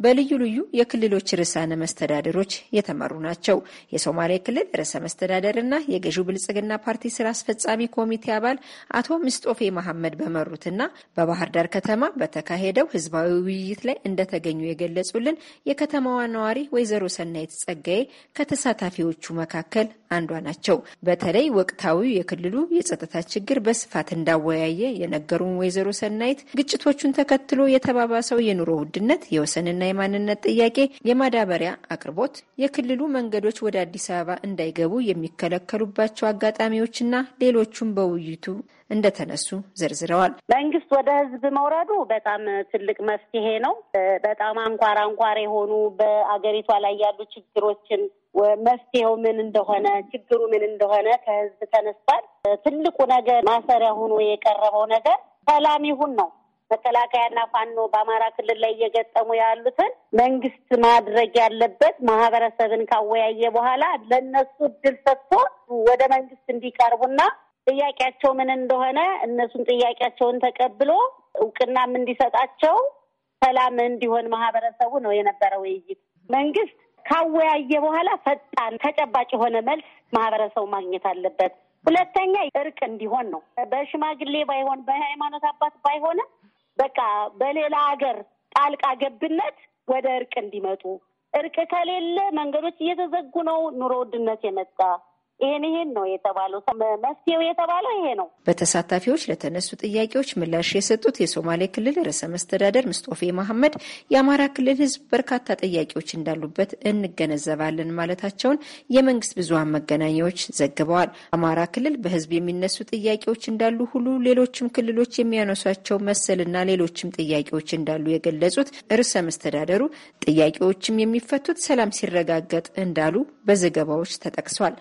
በልዩ ልዩ የክልሎች ርዕሳነ መስተዳደሮች የተመሩ ናቸው። የሶማሌ ክልል ርዕሰ መስተዳደርና የገዢው ብልጽግና ፓርቲ ስራ አስፈጻሚ ኮሚቴ አባል አቶ ምስጦፌ መሐመድ በመሩትና በባህር ዳር ከተማ በተካሄደው ህዝባዊ ውይይት ላይ እንደተገኙ የገለጹልን የከተማዋ ነዋሪ ወይዘሮ ሰናይት ጸጋዬ ከተሳታፊዎቹ መካከል አንዷ ናቸው። በተለይ ወቅታዊ የክልሉ የጸጥታ ችግር በስፋት እንዳወያየ የነገሩን ወይዘሮ ሰናይት ግጭቶቹን ተከትሎ የተባባሰው የኑሮ ውድነት፣ የወሰንና የማንነት ጥያቄ፣ የማዳበሪያ አቅርቦት፣ የክልሉ መንገዶች ወደ አዲስ አበባ እንዳይገቡ የሚከለከሉባቸው አጋጣሚዎችና ሌሎቹም በውይይቱ እንደተነሱ ዘርዝረዋል። መንግስት ወደ ህዝብ መውረዱ በጣም ትልቅ መፍትሄ ነው። በጣም አንኳር አንኳር የሆኑ በአገሪቷ ላይ ያሉ ችግሮችን መፍትሄው ምን እንደሆነ ችግሩ ምን እንደሆነ ከህዝብ ተነስቷል። ትልቁ ነገር ማሰሪያ ሆኖ የቀረበው ነገር ሰላም ይሁን ነው። መከላከያና ፋኖ በአማራ ክልል ላይ እየገጠሙ ያሉትን መንግስት ማድረግ ያለበት ማህበረሰብን ካወያየ በኋላ ለእነሱ እድል ሰጥቶ ወደ መንግስት እንዲቀርቡና ጥያቄያቸው ምን እንደሆነ እነሱን ጥያቄያቸውን ተቀብሎ እውቅናም እንዲሰጣቸው ሰላም እንዲሆን ማህበረሰቡ ነው የነበረ ውይይት። መንግስት ካወያየ በኋላ ፈጣን ተጨባጭ የሆነ መልስ ማህበረሰቡ ማግኘት አለበት። ሁለተኛ እርቅ እንዲሆን ነው። በሽማግሌ ባይሆን በሃይማኖት አባት ባይሆንም በቃ በሌላ ሀገር ጣልቃ ገብነት ወደ እርቅ እንዲመጡ። እርቅ ከሌለ መንገዶች እየተዘጉ ነው። ኑሮ ውድነት የመጣ ይሄን ይሄን ነው የተባለው መፍትሄው የተባለው ይሄ ነው። በተሳታፊዎች ለተነሱ ጥያቄዎች ምላሽ የሰጡት የሶማሌ ክልል ርዕሰ መስተዳደር ምስጦፌ መሐመድ የአማራ ክልል ህዝብ በርካታ ጥያቄዎች እንዳሉበት እንገነዘባለን ማለታቸውን የመንግስት ብዙሀን መገናኛዎች ዘግበዋል። አማራ ክልል በህዝብ የሚነሱ ጥያቄዎች እንዳሉ ሁሉ ሌሎችም ክልሎች የሚያነሷቸው መሰልና ሌሎችም ጥያቄዎች እንዳሉ የገለጹት ርዕሰ መስተዳደሩ ጥያቄዎችም የሚፈቱት ሰላም ሲረጋገጥ እንዳሉ በዘገባዎች ተጠቅሷል።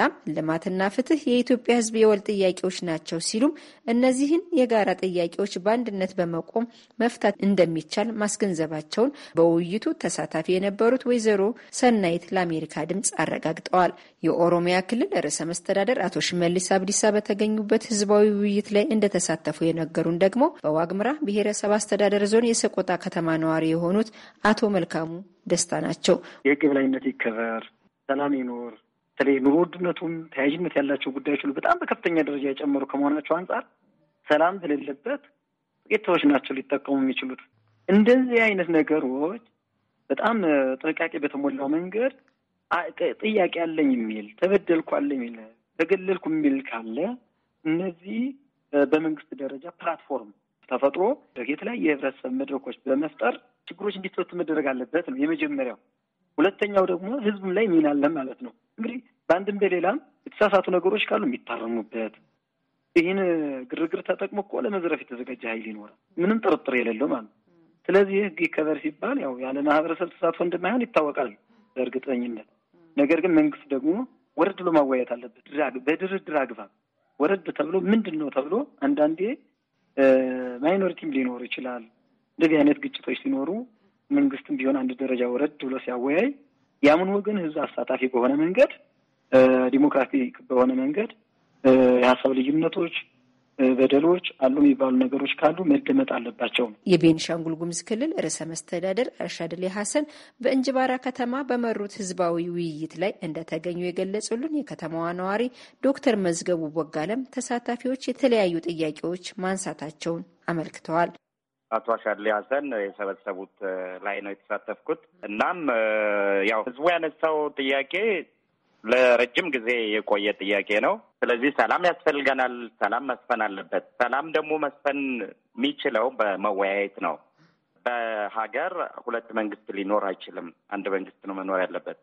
ሰላም፣ ልማትና ፍትህ የኢትዮጵያ ሕዝብ የወል ጥያቄዎች ናቸው ሲሉም እነዚህን የጋራ ጥያቄዎች በአንድነት በመቆም መፍታት እንደሚቻል ማስገንዘባቸውን በውይይቱ ተሳታፊ የነበሩት ወይዘሮ ሰናይት ለአሜሪካ ድምፅ አረጋግጠዋል። የኦሮሚያ ክልል ርዕሰ መስተዳደር አቶ ሽመልስ አብዲሳ በተገኙበት ህዝባዊ ውይይት ላይ እንደተሳተፉ የነገሩን ደግሞ በዋግምራ ብሔረሰብ አስተዳደር ዞን የሰቆጣ ከተማ ነዋሪ የሆኑት አቶ መልካሙ ደስታ ናቸው። የህግ የበላይነት ይከበር፣ ሰላም ይኖር በተለይ ኑሮ ውድነቱም ተያያዥነት ያላቸው ጉዳዮች ሁሉ በጣም በከፍተኛ ደረጃ የጨመሩ ከመሆናቸው አንጻር ሰላም ስለሌለበት ጥቂት ሰዎች ናቸው ሊጠቀሙ የሚችሉት። እንደዚህ አይነት ነገሮች በጣም ጥንቃቄ በተሞላው መንገድ ጥያቄ አለኝ የሚል ተበደልኩ አለ የሚል ተገለልኩ የሚል ካለ እነዚህ በመንግስት ደረጃ ፕላትፎርም ተፈጥሮ የተለያዩ የህብረተሰብ መድረኮች በመፍጠር ችግሮች እንዲፈቱ መደረግ አለበት ነው የመጀመሪያው። ሁለተኛው ደግሞ ህዝቡም ላይ ሚና አለ ማለት ነው። እንግዲህ በአንድም በሌላም የተሳሳቱ ነገሮች ካሉ የሚታረሙበት ይህን ግርግር ተጠቅሞ እኮ ለመዝረፍ የተዘጋጀ ኃይል ይኖራል። ምንም ጥርጥር የሌለው ማለት ነው። ስለዚህ ህግ ይከበር ሲባል ያው ያለ ማህበረሰብ ተሳትፎ እንደማይሆን ይታወቃል በእርግጠኝነት። ነገር ግን መንግስት ደግሞ ወረድ ብሎ ማወያየት አለበት። በድርድር አግባብ ወረድ ተብሎ ምንድን ነው ተብሎ አንዳንዴ ማይኖሪቲም ሊኖሩ ይችላል። እንደዚህ አይነት ግጭቶች ሲኖሩ መንግስትም ቢሆን አንድ ደረጃ ወረድ ብሎ ሲያወያይ ያምን ግን ህዝብ አሳታፊ በሆነ መንገድ ዲሞክራቲክ በሆነ መንገድ የሀሳብ ልዩነቶች በደሎች አሉ የሚባሉ ነገሮች ካሉ መደመጥ አለባቸው የቤንሻንጉል ጉምዝ ክልል ርዕሰ መስተዳደር አሻድሌ ሀሰን በእንጅባራ ከተማ በመሩት ህዝባዊ ውይይት ላይ እንደተገኙ የገለጹልን የከተማዋ ነዋሪ ዶክተር መዝገቡ ቦጋለም ተሳታፊዎች የተለያዩ ጥያቄዎች ማንሳታቸውን አመልክተዋል። አቶ አሻድሌ ሀሰን የሰበሰቡት ላይ ነው የተሳተፍኩት። እናም ያው ህዝቡ ያነሳው ጥያቄ ለረጅም ጊዜ የቆየ ጥያቄ ነው። ስለዚህ ሰላም ያስፈልገናል፣ ሰላም መስፈን አለበት። ሰላም ደግሞ መስፈን የሚችለው በመወያየት ነው። በሀገር ሁለት መንግስት ሊኖር አይችልም። አንድ መንግስት ነው መኖር ያለበት።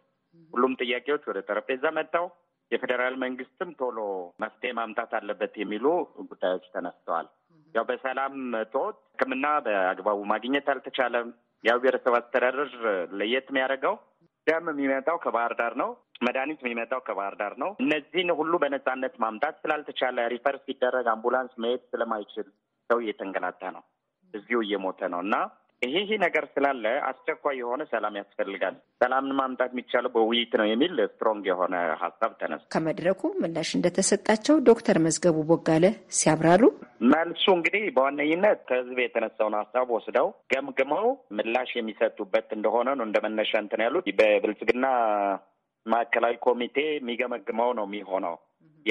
ሁሉም ጥያቄዎች ወደ ጠረጴዛ መጥተው የፌዴራል መንግስትም ቶሎ መፍትሄ ማምጣት አለበት የሚሉ ጉዳዮች ተነስተዋል። ያው በሰላም እጦት ሕክምና በአግባቡ ማግኘት አልተቻለም። ያው ብሔረሰብ አስተዳደር ለየት የሚያደርገው ደም የሚመጣው ከባህር ዳር ነው። መድኃኒት የሚመጣው ከባህር ዳር ነው። እነዚህን ሁሉ በነፃነት ማምጣት ስላልተቻለ ሪፈር ሲደረግ አምቡላንስ መሄድ ስለማይችል ሰው እየተንገላታ ነው፣ እዚሁ እየሞተ ነው እና ይሄ ይሄ ነገር ስላለ አስቸኳይ የሆነ ሰላም ያስፈልጋል። ሰላምን ማምጣት የሚቻለው በውይይት ነው የሚል ስትሮንግ የሆነ ሀሳብ ተነሳ። ከመድረኩ ምላሽ እንደተሰጣቸው ዶክተር መዝገቡ ቦጋለ ሲያብራሩ መልሱ እንግዲህ በዋነኝነት ከህዝብ የተነሳውን ሀሳብ ወስደው ገምግመው ምላሽ የሚሰጡበት እንደሆነ ነው እንደ መነሻ እንትን ያሉት በብልጽግና ማዕከላዊ ኮሚቴ የሚገመግመው ነው የሚሆነው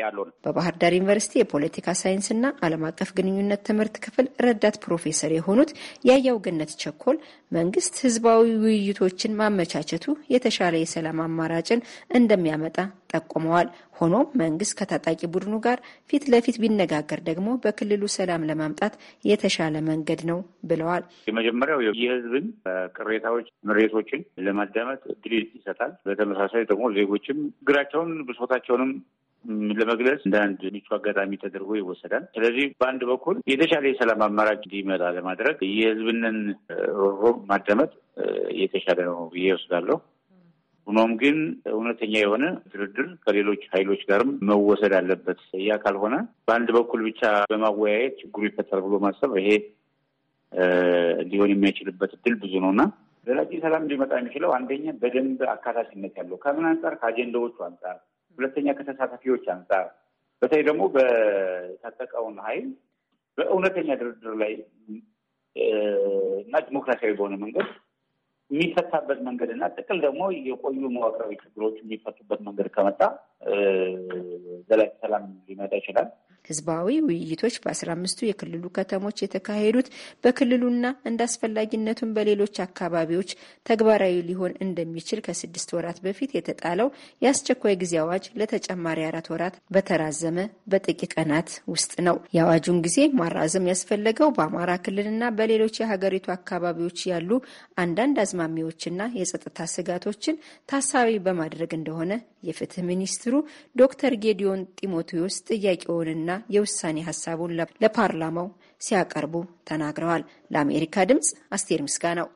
ያሉ ነው። በባህር ዳር ዩኒቨርሲቲ የፖለቲካ ሳይንስና ዓለም አቀፍ ግንኙነት ትምህርት ክፍል ረዳት ፕሮፌሰር የሆኑት ያያው ገነት ቸኮል መንግስት ህዝባዊ ውይይቶችን ማመቻቸቱ የተሻለ የሰላም አማራጭን እንደሚያመጣ ጠቁመዋል። ሆኖም መንግስት ከታጣቂ ቡድኑ ጋር ፊት ለፊት ቢነጋገር ደግሞ በክልሉ ሰላም ለማምጣት የተሻለ መንገድ ነው ብለዋል። የመጀመሪያው የህዝብን ቅሬታዎች፣ ምሬቶችን ለማዳመጥ እድል ይሰጣል። በተመሳሳይ ደግሞ ዜጎችም ግራቸውን ብሶታቸውንም ለመግለጽ እንደ አንድ ምቹ አጋጣሚ ተደርጎ ይወሰዳል። ስለዚህ በአንድ በኩል የተሻለ የሰላም አማራጭ እንዲመጣ ለማድረግ የህዝብንን ሮሮ ማዳመጥ የተሻለ ነው ብዬ ይወስዳለሁ። ሆኖም ግን እውነተኛ የሆነ ድርድር ከሌሎች ኃይሎች ጋርም መወሰድ አለበት። ያ ካልሆነ በአንድ በኩል ብቻ በማወያየት ችግሩ ይፈታል ብሎ ማሰብ ይሄ ሊሆን የሚያችልበት እድል ብዙ ነው እና ዘላቂ ሰላም እንዲመጣ የሚችለው አንደኛ በደንብ አካታችነት ያለው ከምን አንጻር ከአጀንዳዎቹ አንጻር ሁለተኛ ከተሳታፊዎች አንጻር በተለይ ደግሞ በታጠቀውን ኃይል በእውነተኛ ድርድር ላይ እና ዲሞክራሲያዊ በሆነ መንገድ የሚፈታበት መንገድ እና ጥቅል ደግሞ የቆዩ መዋቅራዊ ችግሮች የሚፈቱበት መንገድ ከመጣ ዘላቂ ሰላም ሊመጣ ይችላል። ህዝባዊ ውይይቶች በ 15 አምስቱ የክልሉ ከተሞች የተካሄዱት በክልሉና እንደ አስፈላጊነቱን በሌሎች አካባቢዎች ተግባራዊ ሊሆን እንደሚችል ከስድስት ወራት በፊት የተጣለው የአስቸኳይ ጊዜ አዋጅ ለተጨማሪ አራት ወራት በተራዘመ በጥቂት ቀናት ውስጥ ነው። የአዋጁን ጊዜ ማራዘም ያስፈለገው በአማራ ክልልና በሌሎች የሀገሪቱ አካባቢዎች ያሉ አንዳንድ አዝማሚዎችና የጸጥታ ስጋቶችን ታሳቢ በማድረግ እንደሆነ የፍትህ ሚኒስትሩ ዶክተር ጌዲዮን ጢሞቴዎስ ጥያቄውንና የውሳኔ ሀሳቡን ለፓርላማው ሲያቀርቡ ተናግረዋል። ለአሜሪካ ድምጽ አስቴር ምስጋናው።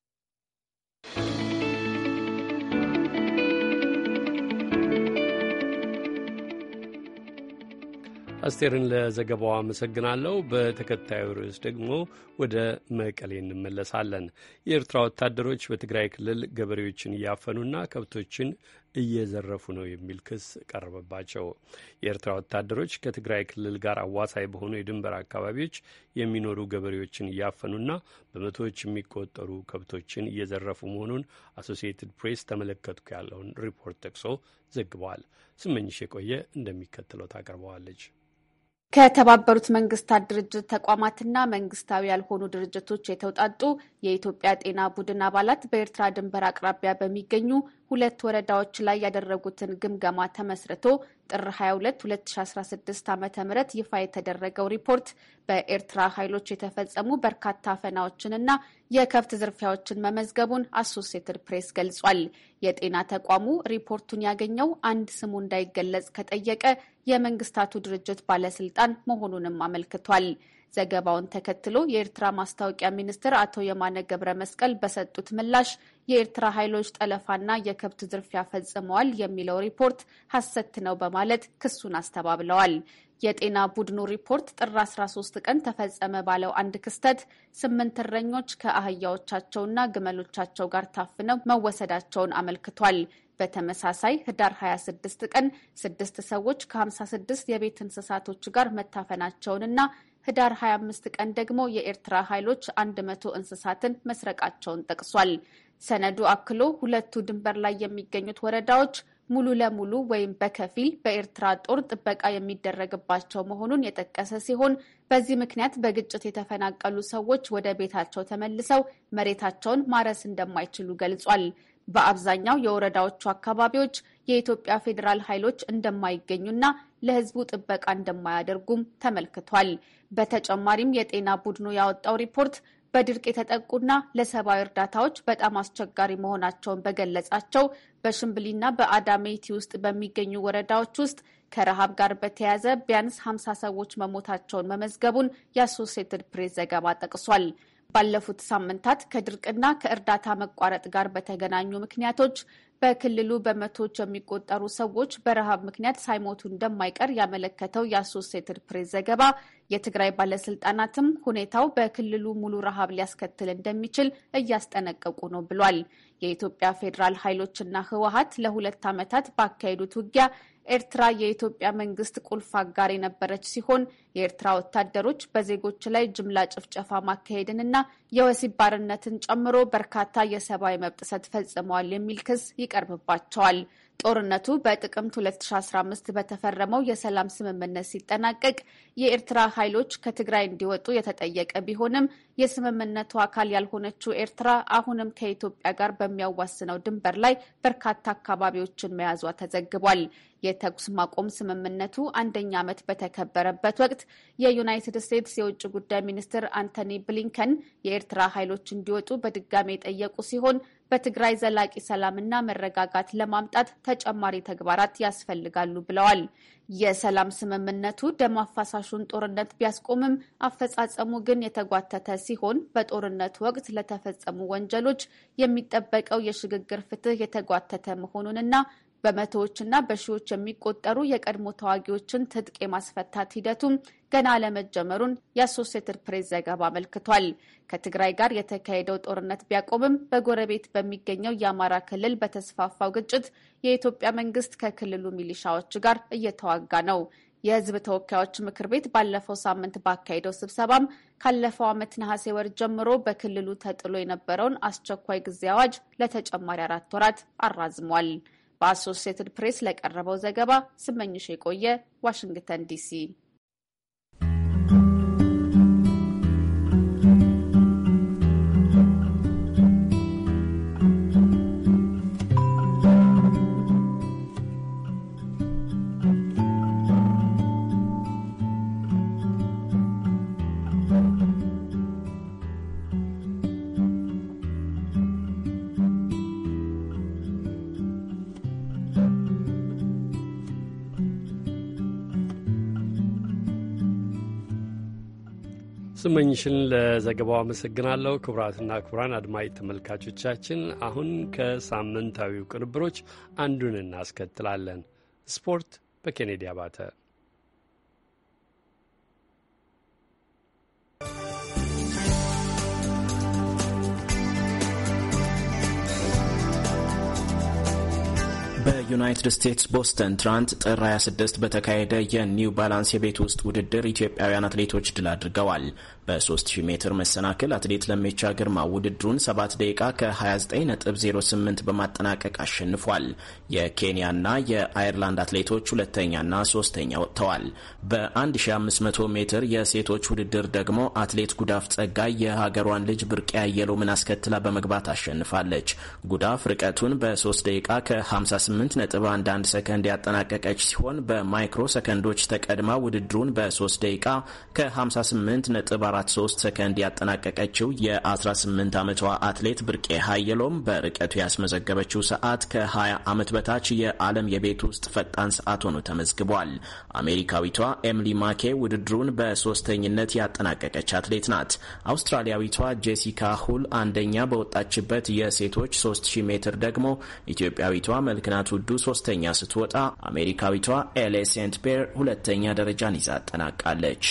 አስቴርን ለዘገባው አመሰግናለሁ። በተከታዩ ርዕስ ደግሞ ወደ መቀሌ እንመለሳለን። የኤርትራ ወታደሮች በትግራይ ክልል ገበሬዎችን እያፈኑና ከብቶችን እየዘረፉ ነው የሚል ክስ ቀረበባቸው። የኤርትራ ወታደሮች ከትግራይ ክልል ጋር አዋሳኝ በሆኑ የድንበር አካባቢዎች የሚኖሩ ገበሬዎችን እያፈኑና በመቶዎች የሚቆጠሩ ከብቶችን እየዘረፉ መሆኑን አሶሲየትድ ፕሬስ ተመለከትኩ ያለውን ሪፖርት ጠቅሶ ዘግበዋል። ስመኝሽ የቆየ እንደሚከተለው ታቀርበዋለች። ከተባበሩት መንግስታት ድርጅት ተቋማትና መንግስታዊ ያልሆኑ ድርጅቶች የተውጣጡ የኢትዮጵያ ጤና ቡድን አባላት በኤርትራ ድንበር አቅራቢያ በሚገኙ ሁለት ወረዳዎች ላይ ያደረጉትን ግምገማ ተመስርቶ ጥር 22 2016 ዓ ም ይፋ የተደረገው ሪፖርት በኤርትራ ኃይሎች የተፈጸሙ በርካታ አፈናዎችንና የከብት ዝርፊያዎችን መመዝገቡን አሶሴትድ ፕሬስ ገልጿል። የጤና ተቋሙ ሪፖርቱን ያገኘው አንድ ስሙ እንዳይገለጽ ከጠየቀ የመንግስታቱ ድርጅት ባለስልጣን መሆኑንም አመልክቷል። ዘገባውን ተከትሎ የኤርትራ ማስታወቂያ ሚኒስትር አቶ የማነ ገብረ መስቀል በሰጡት ምላሽ የኤርትራ ኃይሎች ጠለፋና የከብት ዝርፊያ ፈጽመዋል የሚለው ሪፖርት ሐሰት ነው በማለት ክሱን አስተባብለዋል። የጤና ቡድኑ ሪፖርት ጥር 13 ቀን ተፈጸመ ባለው አንድ ክስተት ስምንት እረኞች ከአህያዎቻቸውና ግመሎቻቸው ጋር ታፍነው መወሰዳቸውን አመልክቷል። በተመሳሳይ ህዳር 26 ቀን ስድስት ሰዎች ከ56 የቤት እንስሳቶች ጋር መታፈናቸውንና ህዳር 25 ቀን ደግሞ የኤርትራ ኃይሎች 100 እንስሳትን መስረቃቸውን ጠቅሷል። ሰነዱ አክሎ ሁለቱ ድንበር ላይ የሚገኙት ወረዳዎች ሙሉ ለሙሉ ወይም በከፊል በኤርትራ ጦር ጥበቃ የሚደረግባቸው መሆኑን የጠቀሰ ሲሆን በዚህ ምክንያት በግጭት የተፈናቀሉ ሰዎች ወደ ቤታቸው ተመልሰው መሬታቸውን ማረስ እንደማይችሉ ገልጿል። በአብዛኛው የወረዳዎቹ አካባቢዎች የኢትዮጵያ ፌዴራል ኃይሎች እንደማይገኙና ለሕዝቡ ጥበቃ እንደማያደርጉም ተመልክቷል። በተጨማሪም የጤና ቡድኑ ያወጣው ሪፖርት በድርቅ የተጠቁና ለሰብአዊ እርዳታዎች በጣም አስቸጋሪ መሆናቸውን በገለጻቸው በሽምብሊና በአዳሜቲ ውስጥ በሚገኙ ወረዳዎች ውስጥ ከረሃብ ጋር በተያያዘ ቢያንስ ሀምሳ ሰዎች መሞታቸውን መመዝገቡን የአሶሴትድ ፕሬስ ዘገባ ጠቅሷል። ባለፉት ሳምንታት ከድርቅና ከእርዳታ መቋረጥ ጋር በተገናኙ ምክንያቶች በክልሉ በመቶዎች የሚቆጠሩ ሰዎች በረሃብ ምክንያት ሳይሞቱ እንደማይቀር ያመለከተው የአሶሴትድ ፕሬስ ዘገባ የትግራይ ባለስልጣናትም ሁኔታው በክልሉ ሙሉ ረሃብ ሊያስከትል እንደሚችል እያስጠነቀቁ ነው ብሏል። የኢትዮጵያ ፌዴራል ኃይሎችና ህወሀት ለሁለት ዓመታት ባካሄዱት ውጊያ ኤርትራ የኢትዮጵያ መንግስት ቁልፍ አጋር የነበረች ሲሆን የኤርትራ ወታደሮች በዜጎች ላይ ጅምላ ጭፍጨፋ ማካሄድንና የወሲብ ባርነትን ጨምሮ በርካታ የሰብአዊ መብት ጥሰት ፈጽመዋል የሚል ክስ ይቀርብባቸዋል። ጦርነቱ በጥቅምት 2015 በተፈረመው የሰላም ስምምነት ሲጠናቀቅ የኤርትራ ኃይሎች ከትግራይ እንዲወጡ የተጠየቀ ቢሆንም የስምምነቱ አካል ያልሆነችው ኤርትራ አሁንም ከኢትዮጵያ ጋር በሚያዋስነው ድንበር ላይ በርካታ አካባቢዎችን መያዟ ተዘግቧል። የተኩስ ማቆም ስምምነቱ አንደኛ ዓመት በተከበረበት ወቅት የዩናይትድ ስቴትስ የውጭ ጉዳይ ሚኒስትር አንቶኒ ብሊንከን የኤርትራ ኃይሎች እንዲወጡ በድጋሚ የጠየቁ ሲሆን በትግራይ ዘላቂ ሰላምና መረጋጋት ለማምጣት ተጨማሪ ተግባራት ያስፈልጋሉ ብለዋል። የሰላም ስምምነቱ ደም አፋሳሹን ጦርነት ቢያስቆምም አፈጻጸሙ ግን የተጓተተ ሲሆን በጦርነት ወቅት ለተፈጸሙ ወንጀሎች የሚጠበቀው የሽግግር ፍትህ የተጓተተ መሆኑንና በመቶዎችና በሺዎች የሚቆጠሩ የቀድሞ ተዋጊዎችን ትጥቅ የማስፈታት ሂደቱም ገና ለመጀመሩን የአሶሴትድ ፕሬስ ዘገባ አመልክቷል። ከትግራይ ጋር የተካሄደው ጦርነት ቢያቆምም በጎረቤት በሚገኘው የአማራ ክልል በተስፋፋው ግጭት የኢትዮጵያ መንግስት ከክልሉ ሚሊሻዎች ጋር እየተዋጋ ነው። የህዝብ ተወካዮች ምክር ቤት ባለፈው ሳምንት ባካሄደው ስብሰባም ካለፈው ዓመት ነሐሴ ወር ጀምሮ በክልሉ ተጥሎ የነበረውን አስቸኳይ ጊዜ አዋጅ ለተጨማሪ አራት ወራት አራዝሟል። በአሶሴትድ ፕሬስ ለቀረበው ዘገባ ስመኝሽ የቆየ ዋሽንግተን ዲሲ ስመኝሽን ለዘገባው አመሰግናለሁ። ክቡራትና ክቡራን አድማጭ ተመልካቾቻችን አሁን ከሳምንታዊው ቅንብሮች አንዱን እናስከትላለን። ስፖርት በኬኔዲ አባተ በዩናይትድ ስቴትስ ቦስተን ትናንት ጥር 26 በተካሄደ የኒው ባላንስ የቤት ውስጥ ውድድር ኢትዮጵያውያን አትሌቶች ድል አድርገዋል። በ3000 ሜትር መሰናክል አትሌት ለሜቻ ግርማ ውድድሩን 7 ደቂቃ ከ29.08 በማጠናቀቅ አሸንፏል። የኬንያና የአየርላንድ አትሌቶች ሁለተኛና ሶስተኛ ወጥተዋል። በ1500 ሜትር የሴቶች ውድድር ደግሞ አትሌት ጉዳፍ ጸጋይ የሀገሯን ልጅ ብርቅ ምን አስከትላ በመግባት አሸንፋለች። ጉዳፍ ርቀቱን በ3 ደቂቃ ከ58.11 ሰከንድ ያጠናቀቀች ሲሆን በማይክሮ ሰከንዶች ተቀድማ ውድድሩን በ3 ደቂቃ ከ58 በ7.3 ሰከንድ ያጠናቀቀችው የ18 ዓመቷ አትሌት ብርቄ ሀየሎም በርቀቱ ያስመዘገበችው ሰዓት ከ20 ዓመት በታች የዓለም የቤት ውስጥ ፈጣን ሰዓት ሆኖ ተመዝግቧል። አሜሪካዊቷ ኤምሊ ማኬ ውድድሩን በሶስተኝነት ያጠናቀቀች አትሌት ናት። አውስትራሊያዊቷ ጄሲካ ሁል አንደኛ በወጣችበት የሴቶች 3000 ሜትር ደግሞ ኢትዮጵያዊቷ መልክናት ውዱ ሶስተኛ ስትወጣ አሜሪካዊቷ ኤሌ ሴንት ፔር ሁለተኛ ደረጃን ይዛ አጠናቃለች።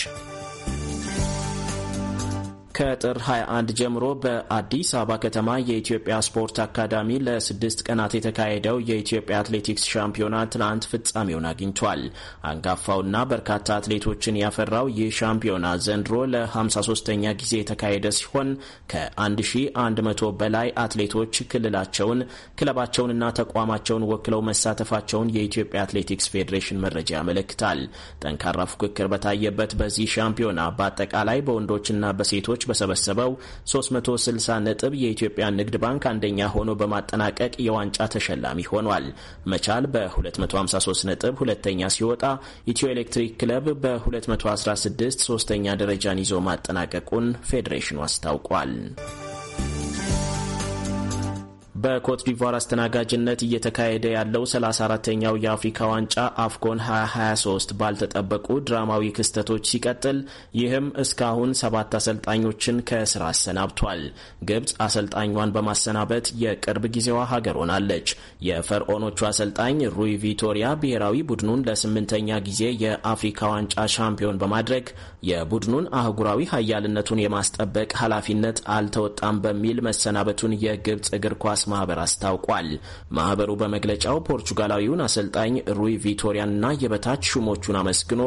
ከጥር 21 ጀምሮ በአዲስ አበባ ከተማ የኢትዮጵያ ስፖርት አካዳሚ ለስድስት ቀናት የተካሄደው የኢትዮጵያ አትሌቲክስ ሻምፒዮና ትናንት ፍጻሜውን አግኝቷል። አንጋፋውና በርካታ አትሌቶችን ያፈራው ይህ ሻምፒዮና ዘንድሮ ለ53ኛ ጊዜ የተካሄደ ሲሆን ከ1100 በላይ አትሌቶች ክልላቸውን፣ ክለባቸውንና ተቋማቸውን ወክለው መሳተፋቸውን የኢትዮጵያ አትሌቲክስ ፌዴሬሽን መረጃ ያመለክታል። ጠንካራ ፉክክር በታየበት በዚህ ሻምፒዮና በአጠቃላይ በወንዶችና በሴቶች ውጤቶች በሰበሰበው 360 ነጥብ የኢትዮጵያ ንግድ ባንክ አንደኛ ሆኖ በማጠናቀቅ የዋንጫ ተሸላሚ ሆኗል። መቻል በ253 ነጥብ ሁለተኛ ሲወጣ ኢትዮ ኤሌክትሪክ ክለብ በ216 ሶስተኛ ደረጃን ይዞ ማጠናቀቁን ፌዴሬሽኑ አስታውቋል። በኮት ዲቫር አስተናጋጅነት እየተካሄደ ያለው 34ተኛው የአፍሪካ ዋንጫ አፍኮን 2023 ባልተጠበቁ ድራማዊ ክስተቶች ሲቀጥል ይህም እስካሁን ሰባት አሰልጣኞችን ከስራ አሰናብቷል። ግብፅ አሰልጣኟን በማሰናበት የቅርብ ጊዜዋ ሀገር ሆናለች። የፈርዖኖቹ አሰልጣኝ ሩይ ቪቶሪያ ብሔራዊ ቡድኑን ለስምንተኛ ጊዜ የአፍሪካ ዋንጫ ሻምፒዮን በማድረግ የቡድኑን አህጉራዊ ሀያልነቱን የማስጠበቅ ኃላፊነት አልተወጣም በሚል መሰናበቱን የግብፅ እግር ኳስ ማህበር አስታውቋል። ማህበሩ በመግለጫው ፖርቹጋላዊውን አሰልጣኝ ሩይ ቪቶሪያንና የበታች ሹሞቹን አመስግኖ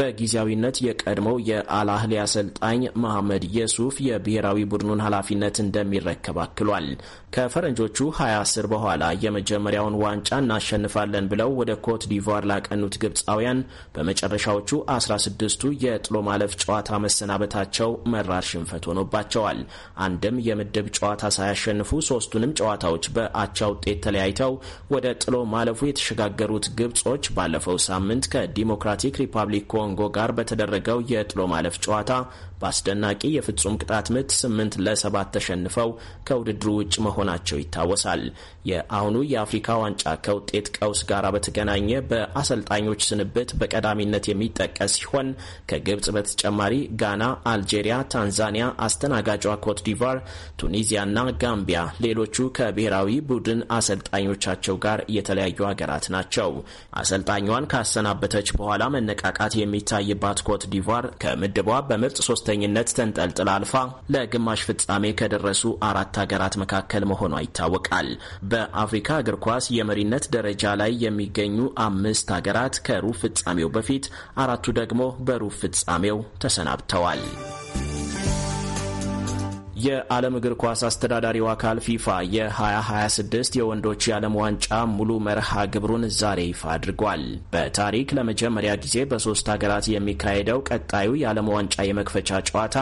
በጊዜያዊነት የቀድሞው የአልአህሊ አሰልጣኝ መሐመድ የሱፍ የብሔራዊ ቡድኑን ኃላፊነት እንደሚረከብ አክሏል። ከፈረንጆቹ 2010 በኋላ የመጀመሪያውን ዋንጫ እናሸንፋለን ብለው ወደ ኮት ዲቫር ላቀኑት ግብፃውያን በመጨረሻዎቹ 16ቱ የጥሎ ማለፍ ጨዋታ መሰናበታቸው መራር ሽንፈት ሆኖባቸዋል። አንድም የምድብ ጨዋታ ሳያሸንፉ ሶስቱንም ጨዋታዎች በአቻ ውጤት ተለያይተው ወደ ጥሎ ማለፉ የተሸጋገሩት ግብጾች ባለፈው ሳምንት ከዲሞክራቲክ ሪፐብሊክ ኮንጎ ጋር በተደረገው የጥሎ ማለፍ ጨዋታ በአስደናቂ የፍጹም ቅጣት ምት ስምንት ለሰባት ተሸንፈው ከውድድሩ ውጭ መሆናቸው ይታወሳል። የአሁኑ የአፍሪካ ዋንጫ ከውጤት ቀውስ ጋር በተገናኘ በአሰልጣኞች ስንብት በቀዳሚነት የሚጠቀስ ሲሆን ከግብጽ በተጨማሪ ጋና፣ አልጄሪያ፣ ታንዛኒያ፣ አስተናጋጇ ኮት ዲቫር፣ ቱኒዚያና ጋምቢያ ሌሎቹ ከብሔራዊ ቡድን አሰልጣኞቻቸው ጋር የተለያዩ ሀገራት ናቸው። አሰልጣኟን ካሰናበተች በኋላ መነቃቃት የሚታይባት ኮት ዲቫር ከምድቧ በምርጥ ሶስት በሶስተኝነት ተንጠልጥላ አልፋ ለግማሽ ፍጻሜ ከደረሱ አራት ሀገራት መካከል መሆኗ ይታወቃል። በአፍሪካ እግር ኳስ የመሪነት ደረጃ ላይ የሚገኙ አምስት ሀገራት ከሩብ ፍጻሜው በፊት አራቱ ደግሞ በሩብ ፍጻሜው ተሰናብተዋል። የዓለም እግር ኳስ አስተዳዳሪው አካል ፊፋ የ2026 የወንዶች የዓለም ዋንጫ ሙሉ መርሃ ግብሩን ዛሬ ይፋ አድርጓል። በታሪክ ለመጀመሪያ ጊዜ በሶስት ሀገራት የሚካሄደው ቀጣዩ የዓለም ዋንጫ የመክፈቻ ጨዋታ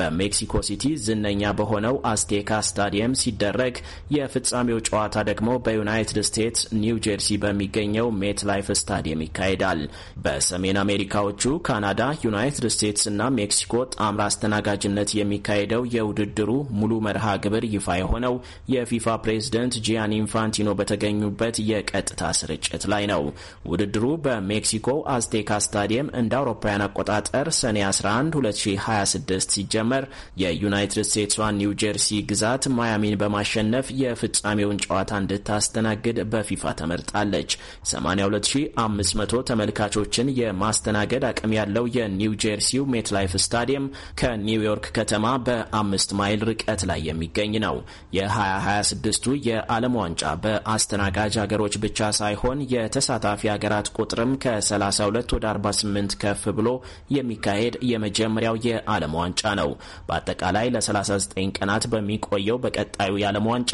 በሜክሲኮ ሲቲ ዝነኛ በሆነው አስቴካ ስታዲየም ሲደረግ፣ የፍጻሜው ጨዋታ ደግሞ በዩናይትድ ስቴትስ ኒው ጀርሲ በሚገኘው ሜት ላይፍ ስታዲየም ይካሄዳል። በሰሜን አሜሪካዎቹ ካናዳ፣ ዩናይትድ ስቴትስ እና ሜክሲኮ ጣምራ አስተናጋጅነት የሚካሄደው የውድድር የውድድሩ ሙሉ መርሃ ግብር ይፋ የሆነው የፊፋ ፕሬዝደንት ጂያን ኢንፋንቲኖ በተገኙበት የቀጥታ ስርጭት ላይ ነው። ውድድሩ በሜክሲኮ አዝቴካ ስታዲየም እንደ አውሮፓውያን አቆጣጠር ሰኔ 11 2026 ሲጀመር የዩናይትድ ስቴትሷን ኒው ጀርሲ ግዛት ማያሚን በማሸነፍ የፍጻሜውን ጨዋታ እንድታስተናግድ በፊፋ ተመርጣለች። 82500 ተመልካቾችን የማስተናገድ አቅም ያለው የኒው ጀርሲው ሜትላይፍ ስታዲየም ከኒውዮርክ ከተማ በአምስት ማይል ማይል ርቀት ላይ የሚገኝ ነው። የ2026ቱ የዓለም ዋንጫ በአስተናጋጅ ሀገሮች ብቻ ሳይሆን የተሳታፊ ሀገራት ቁጥርም ከ32 ወደ 48 ከፍ ብሎ የሚካሄድ የመጀመሪያው የዓለም ዋንጫ ነው። በአጠቃላይ ለ39 ቀናት በሚቆየው በቀጣዩ የዓለም ዋንጫ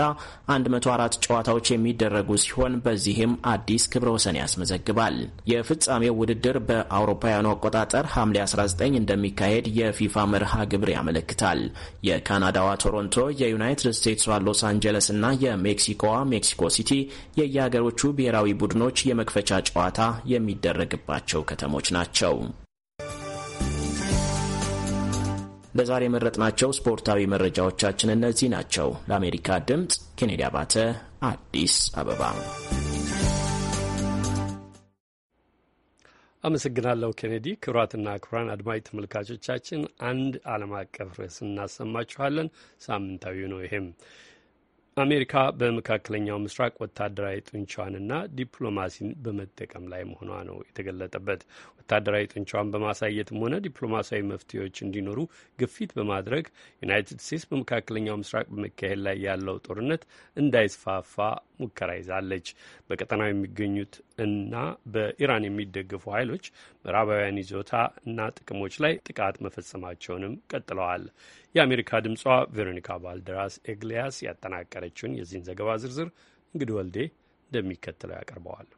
104 ጨዋታዎች የሚደረጉ ሲሆን በዚህም አዲስ ክብረ ወሰን ያስመዘግባል። የፍጻሜው ውድድር በአውሮፓውያኑ አቆጣጠር ሐምሌ 19 እንደሚካሄድ የፊፋ መርሃ ግብር ያመለክታል። የካና የካናዳዋ ቶሮንቶ፣ የዩናይትድ ስቴትሷ ሎስ አንጀለስ እና የሜክሲኮዋ ሜክሲኮ ሲቲ የየሀገሮቹ ብሔራዊ ቡድኖች የመክፈቻ ጨዋታ የሚደረግባቸው ከተሞች ናቸው። ለዛሬ የመረጥናቸው ስፖርታዊ መረጃዎቻችን እነዚህ ናቸው። ለአሜሪካ ድምፅ ኬኔዲ አባተ አዲስ አበባ አመሰግናለሁ ኬኔዲ። ክብራትና ክብራን አድማጭ ተመልካቾቻችን አንድ ዓለም አቀፍ ርዕስ እናሰማችኋለን። ሳምንታዊ ነው ይሄም አሜሪካ በመካከለኛው ምስራቅ ወታደራዊ ጡንቻዋንና ዲፕሎማሲን በመጠቀም ላይ መሆኗ ነው የተገለጠበት። ወታደራዊ ጡንቻዋን በማሳየትም ሆነ ዲፕሎማሲያዊ መፍትሄዎች እንዲኖሩ ግፊት በማድረግ ዩናይትድ ስቴትስ በመካከለኛው ምስራቅ በመካሄድ ላይ ያለው ጦርነት እንዳይስፋፋ ሙከራ ይዛለች። በቀጠናው የሚገኙት እና በኢራን የሚደገፉ ኃይሎች ምዕራባውያን ይዞታ እና ጥቅሞች ላይ ጥቃት መፈጸማቸውንም ቀጥለዋል። የአሜሪካ ድምጿ ቬሮኒካ ባልደራስ ኤግሊያስ ያጠናቀረችውን የዚህን ዘገባ ዝርዝር እንግዲህ ወልዴ እንደሚከተለው ያቀርበዋል።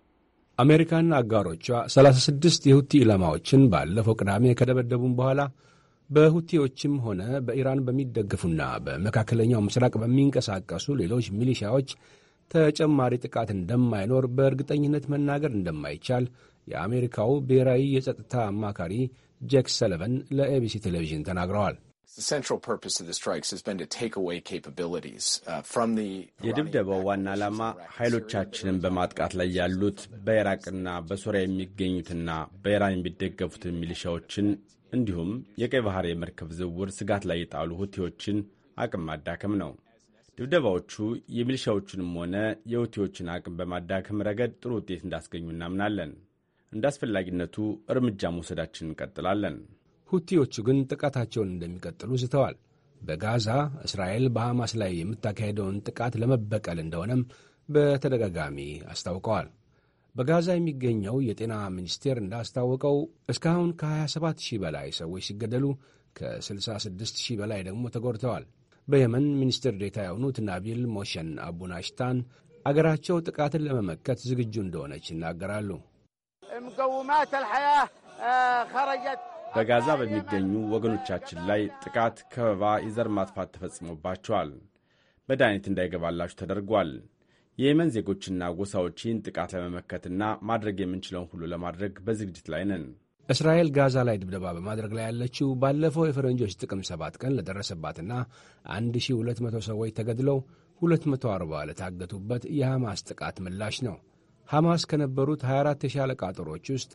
አሜሪካና አጋሮቿ 36 የሁቲ ኢላማዎችን ባለፈው ቅዳሜ ከደበደቡም በኋላ በሁቲዎችም ሆነ በኢራን በሚደግፉና በመካከለኛው ምስራቅ በሚንቀሳቀሱ ሌሎች ሚሊሺያዎች ተጨማሪ ጥቃት እንደማይኖር በእርግጠኝነት መናገር እንደማይቻል የአሜሪካው ብሔራዊ የጸጥታ አማካሪ ጄክ ሰለቨን ለኤቢሲ ቴሌቪዥን ተናግረዋል። uh, የድብደባው ዋና ዓላማ ኃይሎቻችንን በማጥቃት ላይ ያሉት በኢራቅና በሶሪያ የሚገኙትና በኢራን የሚደገፉትን ሚሊሻዎችን እንዲሁም የቀይ ባህር የመርከብ ዝውውር ስጋት ላይ የጣሉ ሁቲዎችን አቅም ማዳከም ነው። ድብደባዎቹ የሚልሻዎቹንም ሆነ የሁቲዎችን አቅም በማዳከም ረገድ ጥሩ ውጤት እንዳስገኙ እናምናለን። እንደ አስፈላጊነቱ እርምጃ መውሰዳችን እንቀጥላለን። ሁቲዎቹ ግን ጥቃታቸውን እንደሚቀጥሉ ዝተዋል። በጋዛ እስራኤል በሐማስ ላይ የምታካሄደውን ጥቃት ለመበቀል እንደሆነም በተደጋጋሚ አስታውቀዋል። በጋዛ የሚገኘው የጤና ሚኒስቴር እንዳስታወቀው እስካሁን ከ27 ሺህ በላይ ሰዎች ሲገደሉ ከ66 ሺህ በላይ ደግሞ ተጎድተዋል። በየመን ሚኒስትር ዴታ የሆኑት ናቢል ሞሸን አቡናሽታን አገራቸው ጥቃትን ለመመከት ዝግጁ እንደሆነች ይናገራሉ። በጋዛ በሚገኙ ወገኖቻችን ላይ ጥቃት፣ ከበባ፣ የዘር ማጥፋት ተፈጽሞባቸዋል። መድኃኒት እንዳይገባላችሁ ተደርጓል። የየመን ዜጎችና ጎሳዎች ይህን ጥቃት ለመመከትና ማድረግ የምንችለውን ሁሉ ለማድረግ በዝግጅት ላይ ነን። እስራኤል ጋዛ ላይ ድብደባ በማድረግ ላይ ያለችው ባለፈው የፈረንጆች ጥቅም ሰባት ቀን ለደረሰባትና 1200 ሰዎች ተገድለው 240 ለታገቱበት የሐማስ ጥቃት ምላሽ ነው። ሐማስ ከነበሩት 24 የሻለቃ ጦሮች ውስጥ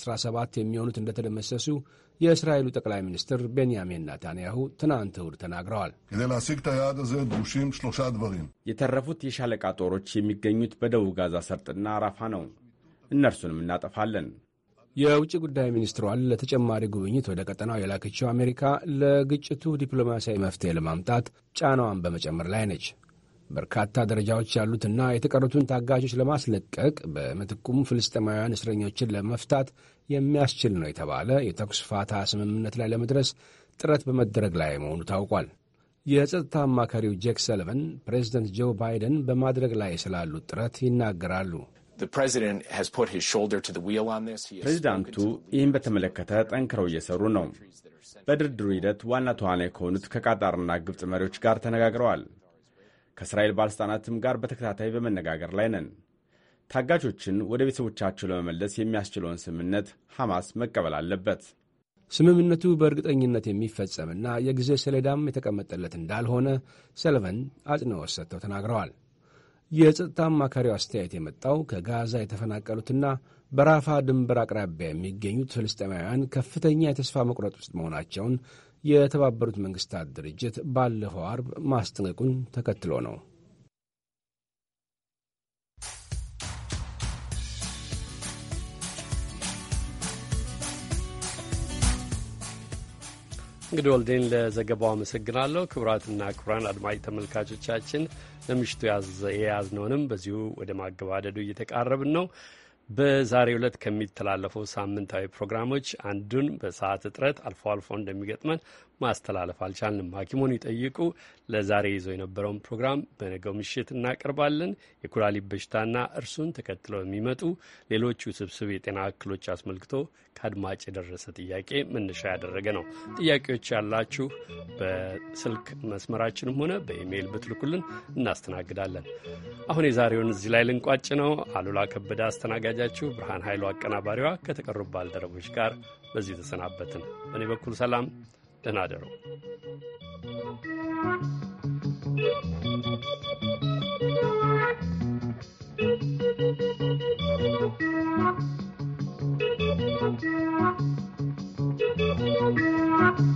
17 የሚሆኑት እንደተደመሰሱ የእስራኤሉ ጠቅላይ ሚኒስትር ቤንያሚን ናታንያሁ ትናንት እሁድ ተናግረዋል። የተረፉት የሻለቃ ጦሮች የሚገኙት በደቡብ ጋዛ ሰርጥና ራፋ ነው። እነርሱንም እናጠፋለን። የውጭ ጉዳይ ሚኒስትሯን ለተጨማሪ ጉብኝት ወደ ቀጠናው የላከችው አሜሪካ ለግጭቱ ዲፕሎማሲያዊ መፍትሄ ለማምጣት ጫናዋን በመጨመር ላይ ነች። በርካታ ደረጃዎች ያሉትና የተቀሩትን ታጋቾች ለማስለቀቅ በምትኩም ፍልስጤማውያን እስረኞችን ለመፍታት የሚያስችል ነው የተባለ የተኩስ ፋታ ስምምነት ላይ ለመድረስ ጥረት በመደረግ ላይ መሆኑ ታውቋል። የጸጥታ አማካሪው ጄክ ሰለቨን ፕሬዚደንት ጆ ባይደን በማድረግ ላይ ስላሉት ጥረት ይናገራሉ። ፕሬዚዳንቱ ይህን በተመለከተ ጠንክረው እየሰሩ ነው። በድርድሩ ሂደት ዋና ተዋናይ ከሆኑት ከቃጣርና ግብፅ መሪዎች ጋር ተነጋግረዋል። ከእስራኤል ባለሥልጣናትም ጋር በተከታታይ በመነጋገር ላይ ነን። ታጋቾችን ወደ ቤተሰቦቻቸው ለመመለስ የሚያስችለውን ስምምነት ሐማስ መቀበል አለበት። ስምምነቱ በእርግጠኝነት የሚፈጸምና የጊዜ ሰሌዳም የተቀመጠለት እንዳልሆነ ሰለቨን አጽንኦት ሰጥተው ተናግረዋል። የጸጥታ አማካሪው አስተያየት የመጣው ከጋዛ የተፈናቀሉትና በራፋ ድንበር አቅራቢያ የሚገኙት ፍልስጤማውያን ከፍተኛ የተስፋ መቁረጥ ውስጥ መሆናቸውን የተባበሩት መንግስታት ድርጅት ባለፈው አርብ ማስጠንቀቁን ተከትሎ ነው። እንግዲህ ወልዴን ለዘገባው አመሰግናለሁ። ክቡራትና ክቡራን አድማጭ ተመልካቾቻችን ለምሽቱ የያዝነውንም በዚሁ ወደ ማገባደዱ እየተቃረብን ነው። በዛሬ ዕለት ከሚተላለፈው ሳምንታዊ ፕሮግራሞች አንዱን በሰዓት እጥረት አልፎ አልፎ እንደሚገጥመን ማስተላለፍ አልቻልንም። ሐኪሙን ይጠይቁ ለዛሬ ይዘው የነበረውን ፕሮግራም በነገው ምሽት እናቀርባለን። የኩላሊት በሽታና እርሱን ተከትለው የሚመጡ ሌሎች ውስብስብ የጤና እክሎች አስመልክቶ ከአድማጭ የደረሰ ጥያቄ መነሻ ያደረገ ነው። ጥያቄዎች ያላችሁ በስልክ መስመራችንም ሆነ በኢሜይል ብትልኩልን እናስተናግዳለን። አሁን የዛሬውን እዚህ ላይ ልንቋጭ ነው። አሉላ ከበደ አስተናጋጃችሁ፣ ብርሃን ኃይሉ አቀናባሪዋ ከተቀሩ ባልደረቦች ጋር በዚሁ ተሰናበትን። በእኔ በኩል ሰላም Another. ደሩ።